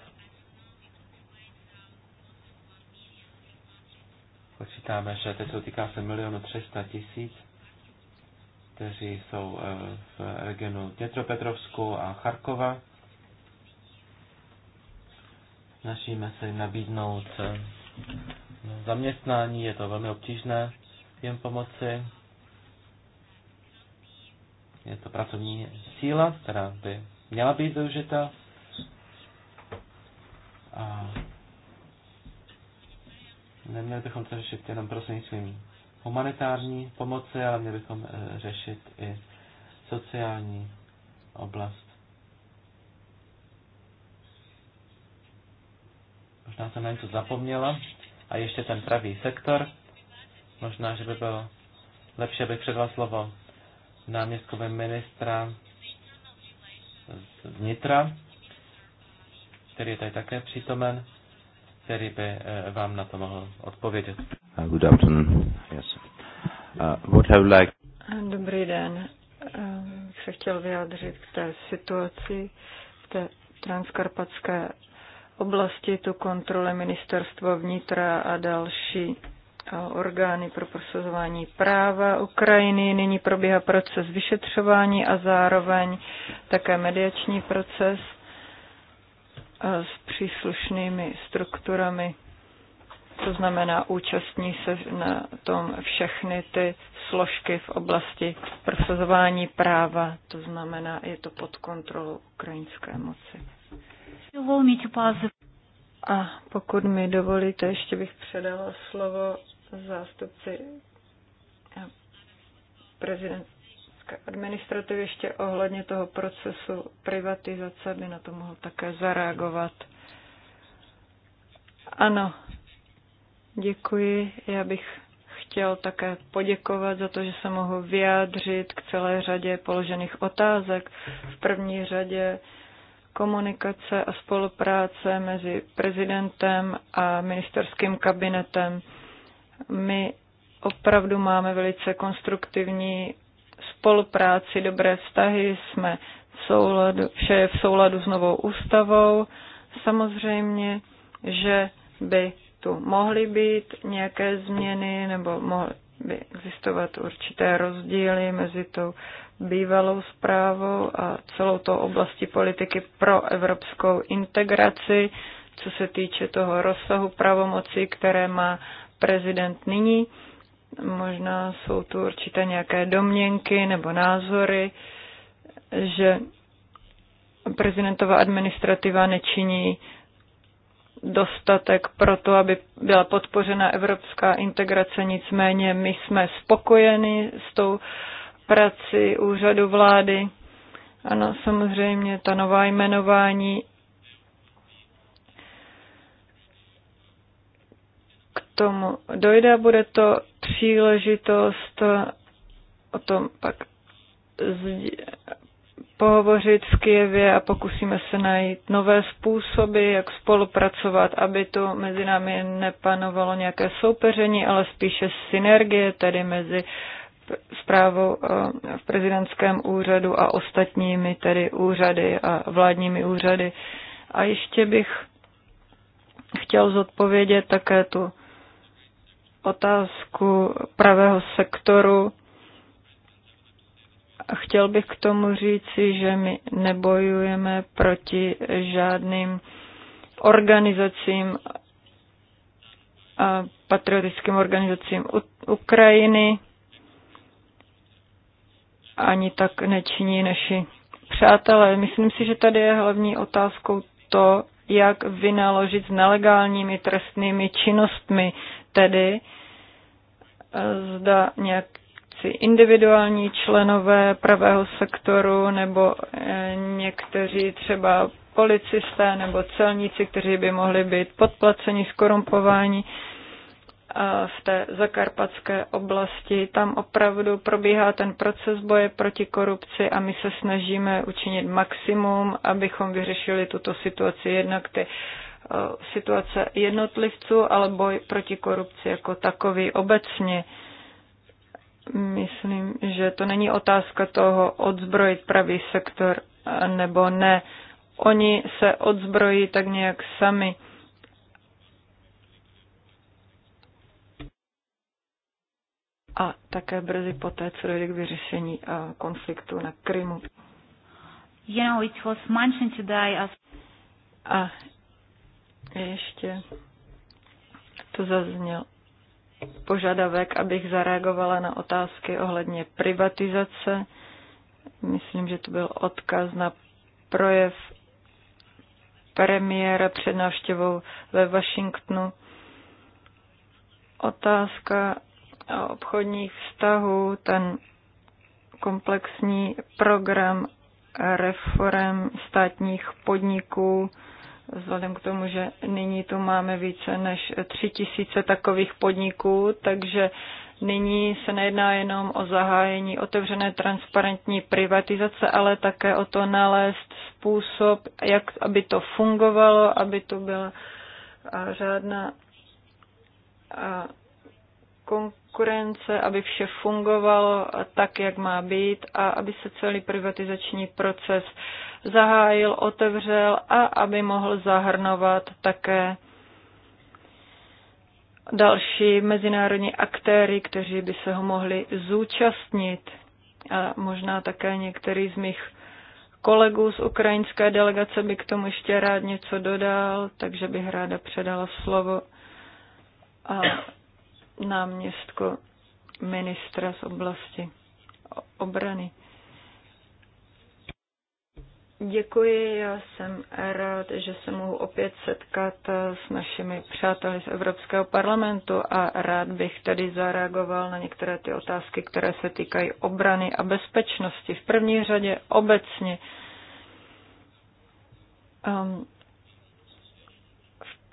Počítáme, že teď se týká se milionu 300 tisíc, kteří jsou eh, v regionu Dětropetrovsku a Charkova snažíme se jim nabídnout eh, zaměstnání, je to velmi obtížné jim pomoci. Je to pracovní síla, která by měla být využita. A neměli bychom to řešit jenom prostřednictvím humanitární pomoci, ale měli bychom eh, řešit i sociální oblast. Možná jsem na něco zapomněla. A ještě ten pravý sektor. Možná, že by bylo lepší, abych předal slovo náměstkovi ministra vnitra, který je tady také přítomen, který by eh, vám na to mohl odpovědět. Uh, good afternoon. Yes. Uh, what have like... Dobrý den. Uh, se chtěl vyjádřit k té situaci, k té transkarpatské oblasti tu kontrole ministerstva vnitra a další orgány pro prosazování práva Ukrajiny. Nyní probíhá proces vyšetřování a zároveň také mediační proces s příslušnými strukturami. To znamená, účastní se na tom všechny ty složky v oblasti prosazování práva, to znamená, je to pod kontrolou ukrajinské moci. A pokud mi dovolíte, ještě bych předala slovo zástupci prezidentské administrativy ještě ohledně toho procesu privatizace, by na to mohl také zareagovat. Ano, děkuji. Já bych chtěl také poděkovat za to, že se mohu vyjádřit k celé řadě položených otázek. V první řadě komunikace a spolupráce mezi prezidentem a ministerským kabinetem. My opravdu máme velice konstruktivní spolupráci, dobré vztahy, jsme v souladu, vše je v souladu s novou ústavou. Samozřejmě, že by tu mohly být nějaké změny nebo mohly by existovat určité rozdíly mezi tou bývalou zprávou a celou tou oblastí politiky pro evropskou integraci, co se týče toho rozsahu pravomocí, které má prezident nyní. Možná jsou tu určité nějaké domněnky nebo názory, že prezidentová administrativa nečiní dostatek pro to, aby byla podpořena evropská integrace. Nicméně my jsme spokojeni s tou prací úřadu vlády. Ano, samozřejmě ta nová jmenování k tomu dojde a bude to příležitost o tom pak pohovořit v Kijevě a pokusíme se najít nové způsoby, jak spolupracovat, aby tu mezi námi nepanovalo nějaké soupeření, ale spíše synergie, tedy mezi zprávou eh, v prezidentském úřadu a ostatními tedy úřady a vládními úřady. A ještě bych chtěl zodpovědět také tu otázku pravého sektoru chtěl bych k tomu říci, že my nebojujeme proti žádným organizacím, patriotickým organizacím Ukrajiny. Ani tak nečiní naši přátelé. Myslím si, že tady je hlavní otázkou to, jak vynaložit s nelegálními trestnými činnostmi, tedy eh, zda nějak jestli Individuální členové pravého sektoru nebo eh, někteří třeba policisté nebo celníci, kteří by mohli být podplaceni, skorumpováni v té zakarpatské oblasti. Tam opravdu probíhá ten proces boje proti korupci a my se snažíme učinit maximum, abychom vyřešili tuto situaci. Jednak ty eh, situace jednotlivců, ale boj proti korupci jako takový obecně. Myslím, že to není otázka toho odzbrojit pravý sektor nebo ne. Oni se odzbrojí tak nějak sami. A také brzy poté, co dojde k vyřešení konfliktu na Krymu. You know, it was mentioned today as... A ještě to zaznělo požadavek, abych zareagovala na otázky ohledně privatizace. Myslím, že to byl odkaz na projev premiéra před návštěvou ve Washingtonu. Otázka obchodních vztahů, ten komplexní program reform státních podniků, Vzhledem k tomu, že nyní tu máme více než tři tisíce takových podniků, takže nyní se nejedná jenom o zahájení otevřené transparentní privatizace, ale také o to nalézt způsob, jak aby to fungovalo, aby to byla řádná konkurence, aby vše fungovalo tak, jak má být a aby se celý privatizační proces uh, zahájil, otevřel a aby mohl zahrnovat také další mezinárodní aktéry, kteří by se ho mohli zúčastnit. A možná také některý z mých kolegů z ukrajinské delegace by k tomu ještě rád něco dodal, takže bych ráda předala slovo a náměstko ministra z oblasti obrany. Děkuji, já jsem rád, že se mohu opět setkat s našimi přáteli z Evropského parlamentu a rád bych tady zareagoval na některé ty otázky, které se týkají obrany a bezpečnosti. V první řadě obecně. Um,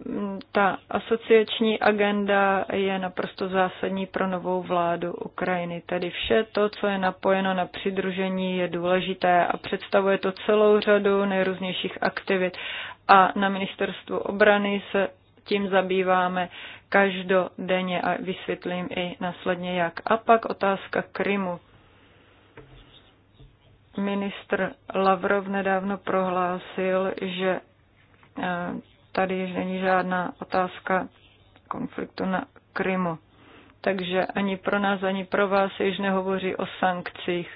Mm, ta asociační agenda je naprosto zásadní pro novou vládu Ukrajiny. Tedy vše to, co je napojeno na přidružení, je důležité a představuje to celou řadu nejrůznějších aktivit. A na ministerstvu obrany se tím zabýváme každodenně a vysvětlím i následně jak. A pak otázka Krymu. Ministr Lavrov nedávno prohlásil, že eh, tady již není žádná otázka konfliktu na Krymu. Takže ani pro nás, ani pro vás již nehovoří o sankcích.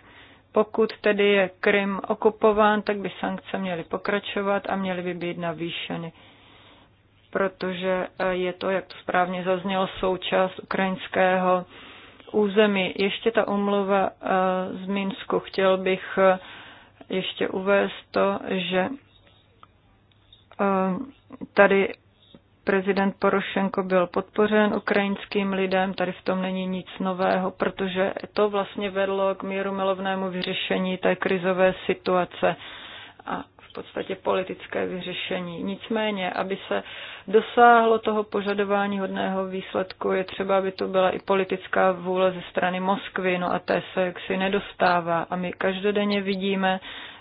Pokud tedy je Krym okupován, tak by sankce měly pokračovat a měly by být navýšeny, protože eh, je to, jak to správně zaznělo, součást ukrajinského území. Ještě ta umluva eh, z Minsku. Chtěl bych eh, ještě uvést to, že Eh, tady prezident Porošenko byl podpořen ukrajinským lidem, tady v tom není nic nového, protože to vlastně vedlo k míru milovnému vyřešení té krizové situace a v podstatě politické vyřešení. Nicméně, aby se dosáhlo toho požadování hodného výsledku, je třeba, aby to byla i politická vůle ze strany Moskvy, no a té se jaksi nedostává. A my každodenně vidíme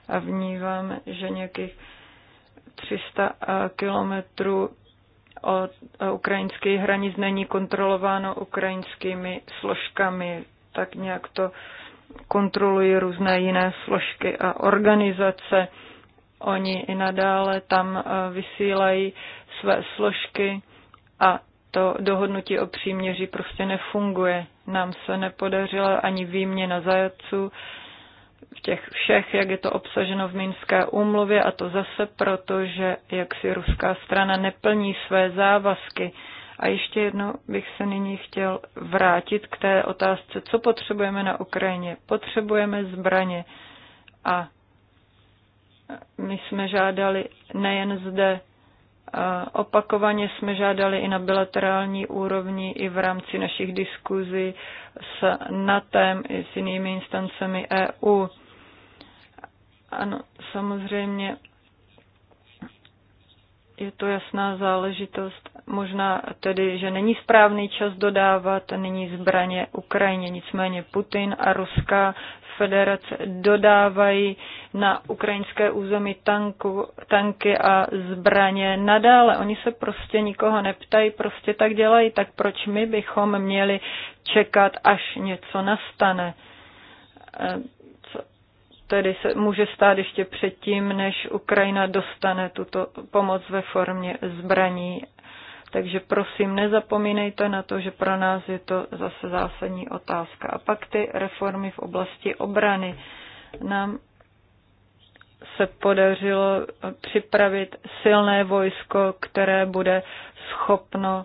a vnímáme, že nějakých 300 eh, kilometrů od eh, ukrajinských hranic není kontrolováno ukrajinskými složkami, tak nějak to kontrolují různé jiné složky a organizace. Oni i nadále tam eh, vysílají své složky a to dohodnutí o příměří prostě nefunguje. Nám se nepodařila ani výměna zajaců, v těch všech, jak je to obsaženo v Minské úmluvě, a to zase proto, že jak si ruská strana neplní své závazky. A ještě jednou bych se nyní chtěl vrátit k té otázce, co potřebujeme na Ukrajině. Potřebujeme zbraně. A my jsme žádali nejen zde Opakovaně jsme žádali i na bilaterální úrovni, i v rámci našich diskuzí s NATEM i s jinými instancemi EU. Ano, samozřejmě je to jasná záležitost. Možná tedy, že není správný čas dodávat nyní zbraně Ukrajině, nicméně Putin a ruská federace dodávají na ukrajinské území tanku, tanky a zbraně nadále. Oni se prostě nikoho neptají, prostě tak dělají, tak proč my bychom měli čekat, až něco nastane? Eh, co tedy se může stát ještě předtím, než Ukrajina dostane tuto pomoc ve formě zbraní takže prosím, nezapomínejte na to, že pro nás je to zase zásadní otázka. A pak ty reformy v oblasti obrany. Nám se podařilo připravit silné vojsko, které bude schopno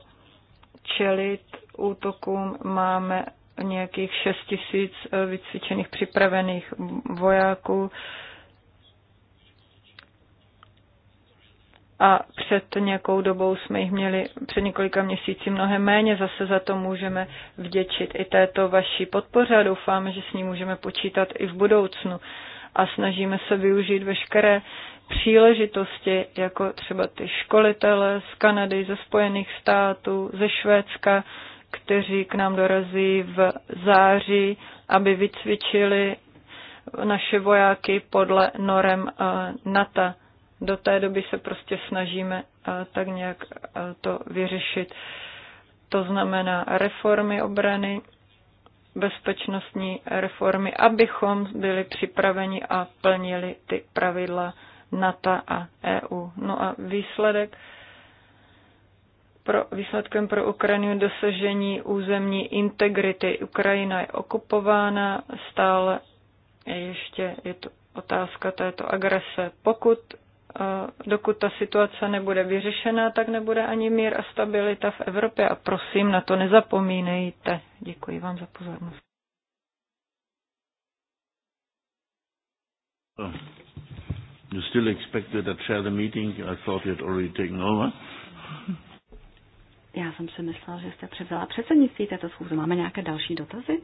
čelit útokům. Máme nějakých 6 tisíc vycvičených připravených vojáků. a před nějakou dobou jsme jich měli před několika měsíci mnohem méně. Zase za to můžeme vděčit i této vaší podpoře a doufáme, že s ní můžeme počítat i v budoucnu. A snažíme se využít veškeré příležitosti, jako třeba ty školitele z Kanady, ze Spojených států, ze Švédska, kteří k nám dorazí v září, aby vycvičili naše vojáky podle norem eh, NATO do té doby se prostě snažíme eh, tak nějak eh, to vyřešit. To znamená reformy obrany, bezpečnostní reformy, abychom byli připraveni a plnili ty pravidla NATO a EU. No a výsledek pro, výsledkem pro Ukrajinu dosažení územní integrity. Ukrajina je okupována, stále ještě je to otázka této agrese. Pokud dokud ta situace nebude vyřešena, tak nebude ani mír a stabilita v Evropě. A prosím, na to nezapomínejte. Děkuji vám za pozornost. Uh, you still expected to share the meeting? I thought you had already taken over. Já jsem si myslela, že jste převzala předsednictví této schůze. Máme nějaké další dotazy?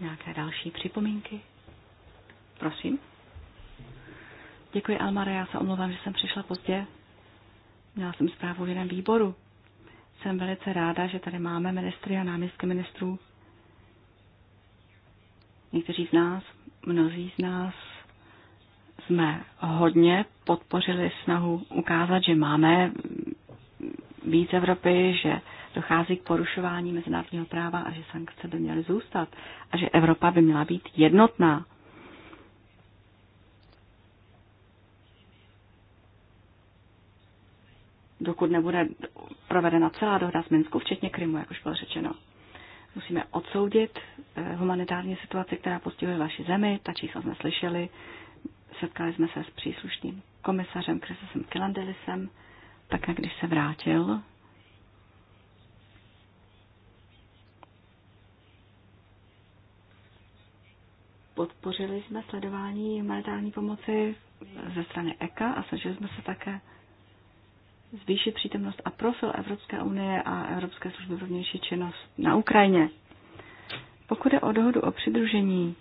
Nějaké další připomínky? Prosím. Děkuji, Almara, já se omlouvám, že jsem přišla pozdě. Měla jsem zprávu v jiném výboru. Jsem velice ráda, že tady máme ministry a náměstky ministrů. Někteří z nás, mnozí z nás jsme hodně podpořili snahu ukázat, že máme víc Evropy, že dochází k porušování mezinárodního práva a že sankce by měly zůstat a že Evropa by měla být jednotná dokud nebude provedena celá dohoda s Minsku, včetně Krymu, jak už bylo řečeno. Musíme odsoudit eh, humanitární situaci, která postihuje vaši zemi, ta čísla jsme slyšeli, setkali jsme se s příslušným komisařem Krisesem Kilandelisem, také když se vrátil podpořili jsme sledování humanitární pomoci ze strany EKA a snažili jsme se také zvýšit přítomnost a profil Evropské unie a Evropské služby pro vnější činnost na Ukrajině. Pokud je o dohodu o přidružení,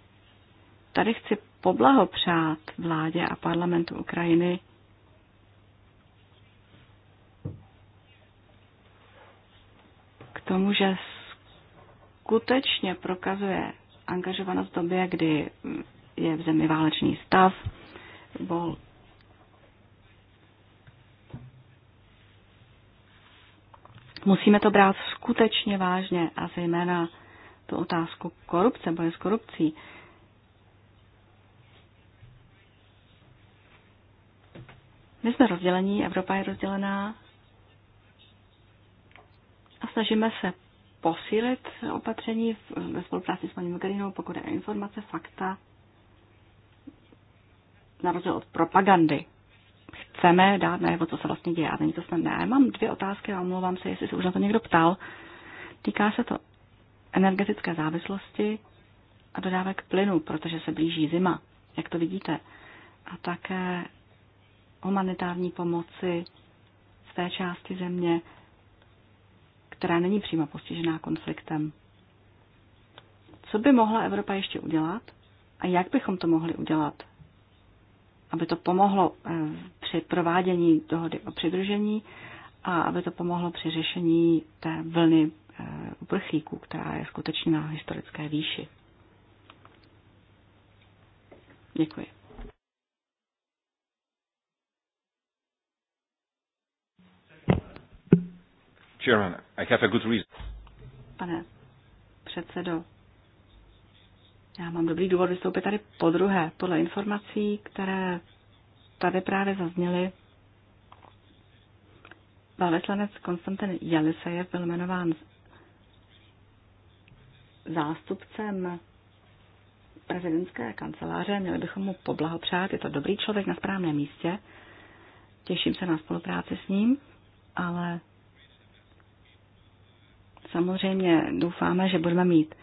tady chci poblahopřát vládě a parlamentu Ukrajiny k tomu, že skutečně prokazuje angažovanost v době, kdy je v zemi válečný stav, bol, Musíme to brát skutečně vážně a zejména tu otázku korupce, boje s korupcí. My jsme rozdělení, Evropa je rozdělená a snažíme se posílit opatření ve spolupráci s paní Mogheriniou, pokud je informace, fakta, na rozdíl od propagandy, chceme dát najevo, co se vlastně děje. A není to snadné. Já mám dvě otázky a omlouvám se, jestli se už na to někdo ptal. Týká se to energetické závislosti a dodávek plynu, protože se blíží zima, jak to vidíte. A také humanitární pomoci z té části země, která není přímo postižená konfliktem. Co by mohla Evropa ještě udělat a jak bychom to mohli udělat, aby to pomohlo eh, při provádění dohody o přidružení a aby to pomohlo při řešení té vlny eh, uprchlíků, která je skutečně na historické výši. Děkuji. Chairman, I have a good reason. Pane předsedo, já mám dobrý důvod vystoupit tady po druhé. Podle informací, které tady právě zazněly. Váleslanec Konstantin Jalisejev byl jmenován zástupcem prezidentské kanceláře. Měli bychom mu poblahopřát. Je to dobrý člověk na správném místě. Těším se na spolupráci s ním, ale samozřejmě doufáme, že budeme mít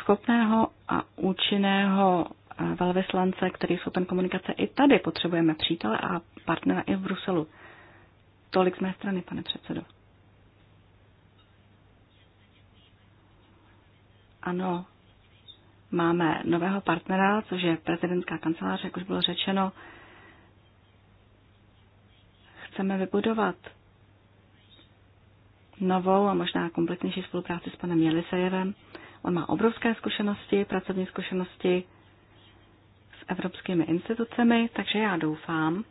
schopného a účinného velvyslance, který je schopen komunikace i tady. Potřebujeme přítele a partnera i v Bruselu. Tolik z mé strany, pane předsedo. Ano, máme nového partnera, což je prezidentská kancelář, jak už bylo řečeno. Chceme vybudovat novou a možná komplexnější spolupráci s panem Jelisejevem. On má obrovské zkušenosti, pracovní zkušenosti, evropskými institucemi, takže já doufám,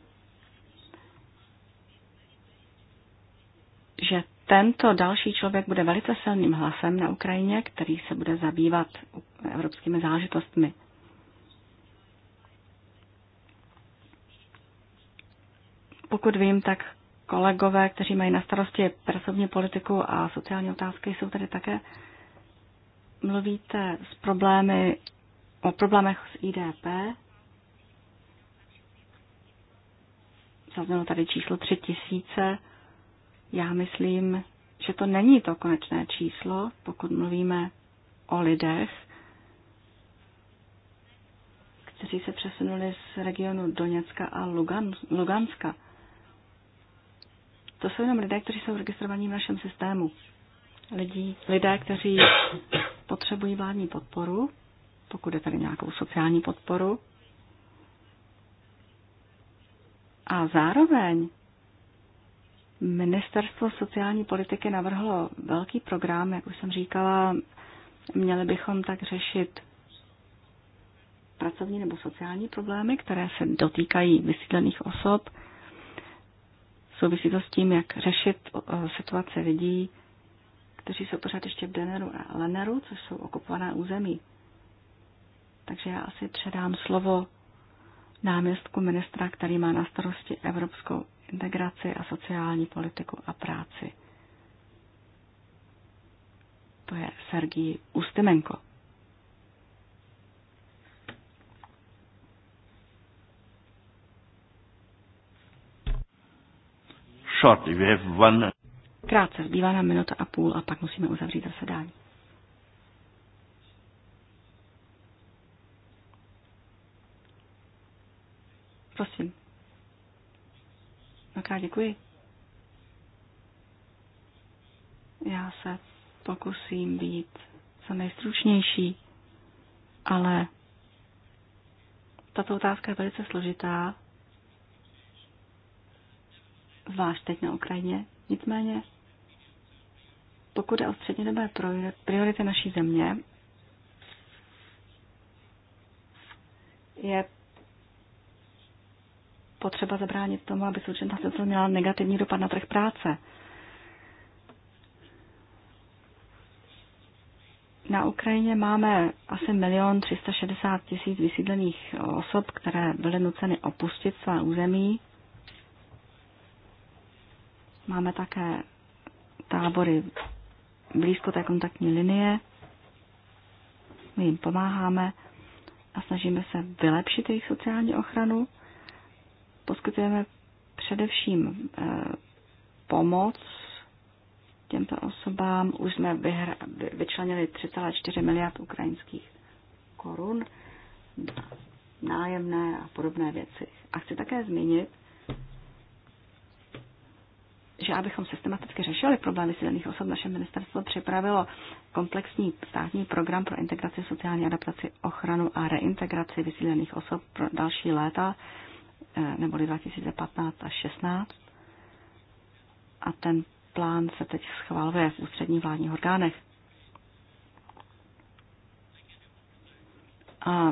že tento další člověk bude velice silným hlasem na Ukrajině, který se bude zabývat evropskými záležitostmi. Pokud vím, tak kolegové, kteří mají na starosti pracovní politiku a sociální otázky, jsou tady také. Mluvíte s problémy, o problémech s IDP, Zaznělo tady číslo 3000. Já myslím, že to není to konečné číslo, pokud mluvíme o lidech, kteří se přesunuli z regionu Doněcka a Lugan, Luganska. To jsou jenom lidé, kteří jsou registrovaní v našem systému. Lidí, lidé, kteří potřebují vládní podporu, pokud je tady nějakou sociální podporu, A zároveň Ministerstvo sociální politiky navrhlo velký program, jak už jsem říkala, měli bychom tak řešit pracovní nebo sociální problémy, které se dotýkají vysídlených osob. Souvisí to s tím, jak řešit situace lidí, kteří jsou pořád ještě v Deneru a Leneru, což jsou okupované území. Takže já asi předám slovo náměstku ministra, který má na starosti evropskou integraci a sociální politiku a práci. To je Sergij Ustymenko. Krátce, zbývá nám minuta a půl a pak musíme uzavřít zasedání. Prosím. Mnohokrát děkuji. Já se pokusím být co nejstručnější, ale tato otázka je velice složitá, zvlášť teď na Ukrajině. Nicméně, pokud je o střednědobé priority naší země, je potřeba zabránit tomu, aby současná situace měla negativní dopad na trh práce. Na Ukrajině máme asi milion 360 tisíc vysídlených osob, které byly nuceny opustit svá území. Máme také tábory blízko té kontaktní linie. My jim pomáháme a snažíme se vylepšit jejich sociální ochranu. Poskytujeme především eh, pomoc těmto osobám. Už jsme vyčlenili 3,4 miliard ukrajinských korun nájemné a podobné věci. A chci také zmínit, že abychom systematicky řešili problémy silných osob, naše ministerstvo připravilo komplexní státní program pro integraci, sociální adaptaci, ochranu a reintegraci vysílených osob pro další léta Eh, neboli 2015 až 16. A ten plán se teď schvaluje v ústředních vládních orgánech. A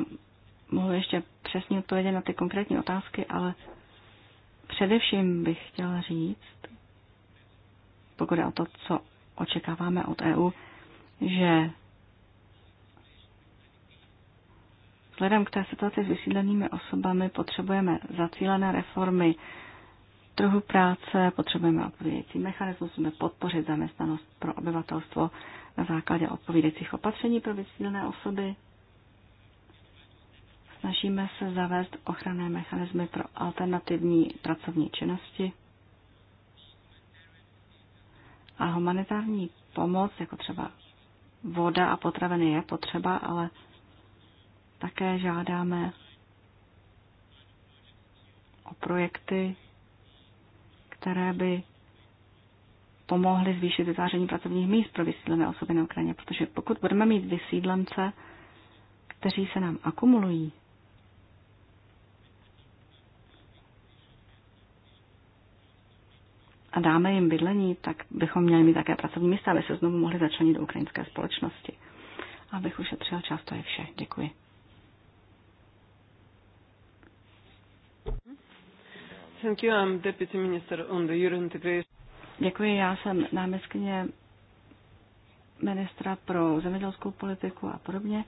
mohu ještě přesně odpovědět na ty konkrétní otázky, ale především bych chtěla říct, pokud je o to, co očekáváme od EU, že Vzhledem k té situaci s vysídlenými osobami potřebujeme zacílené reformy trhu práce, potřebujeme odpovědějící mechanismus, musíme podpořit zaměstnanost pro obyvatelstvo na základě odpovídajících opatření pro vysídlené osoby. Snažíme se zavést ochranné mechanismy pro alternativní pracovní činnosti a humanitární pomoc, jako třeba voda a potraviny je potřeba, ale také žádáme o projekty, které by pomohly zvýšit vytváření pracovních míst pro vysídlené osoby na Ukrajině, protože pokud budeme mít vysídlence, kteří se nám akumulují, a dáme jim bydlení, tak bychom měli mít také pracovní místa, aby se znovu mohli začlenit do ukrajinské společnosti. Abych ušetřil čas, to je vše. Děkuji. Thank you. I'm deputy minister on the Euro integration. Děkuji, já jsem náměstkyně ministra pro zemědělskou politiku a podobně.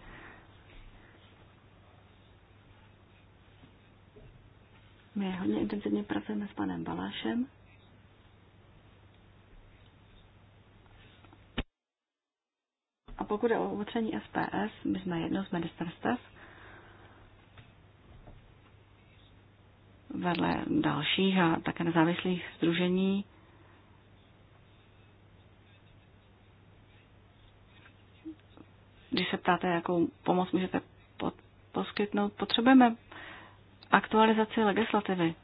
My hodně intenzivně pracujeme s panem Balášem. A pokud je o opatření SPS, my jsme jedno z ministerstv, vedle dalších a také nezávislých združení. Když se ptáte, jakou pomoc můžete pod, poskytnout, potřebujeme aktualizaci legislativy.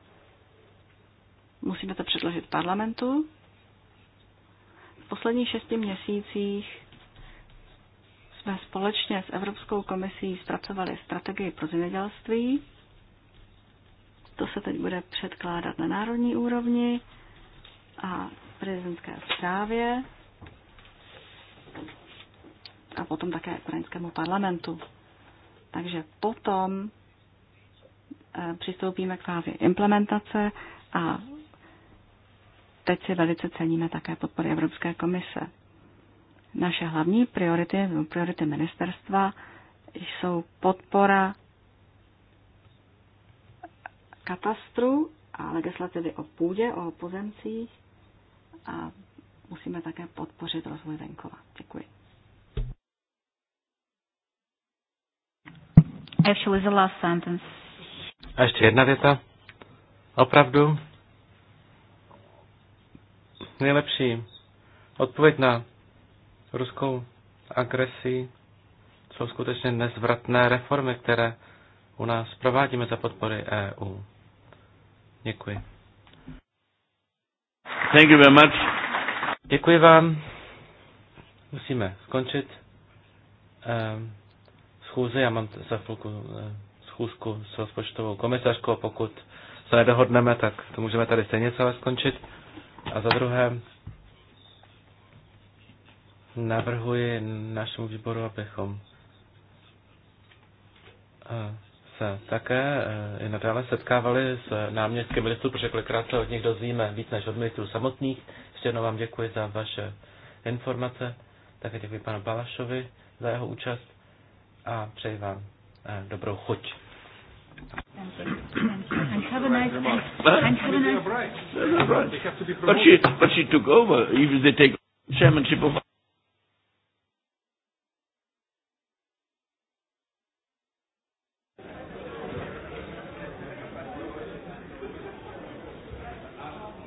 Musíme to předložit parlamentu. V posledních šesti měsících jsme společně s Evropskou komisí zpracovali strategii pro zemědělství. To se teď bude předkládat na národní úrovni a prezidentské zprávě a potom také ukrajinskému parlamentu. Takže potom eh, přistoupíme k fázi implementace a teď si velice ceníme také podpory Evropské komise. Naše hlavní priority, priority ministerstva, jsou podpora katastru a legislativy o půdě, o pozemcích a musíme také podpořit rozvoj venkova. Děkuji. Actually, the last sentence. A ještě jedna věta. Opravdu nejlepší odpověď na ruskou agresi jsou skutečně nezvratné reformy, které u nás provádíme za podpory EU. Děkuji. Thank you very much. Děkuji vám. Musíme skončit um, ehm, schůze. Já mám za chvilku uh, schůzku s rozpočtovou komisařkou pokud se nedohodneme, tak to můžeme tady stejně celé skončit. A za druhé, navrhuji našemu výboru, abychom uh, se také eh, i nadále setkávali s náměstky ministrů, protože kolikrát se od nich dozvíme víc než od ministrů samotných. Ještě jednou vám děkuji za vaše informace, také děkuji panu Balašovi za jeho účast a přeji vám eh, dobrou chuť. you. she, but she took over, even they take chairmanship of...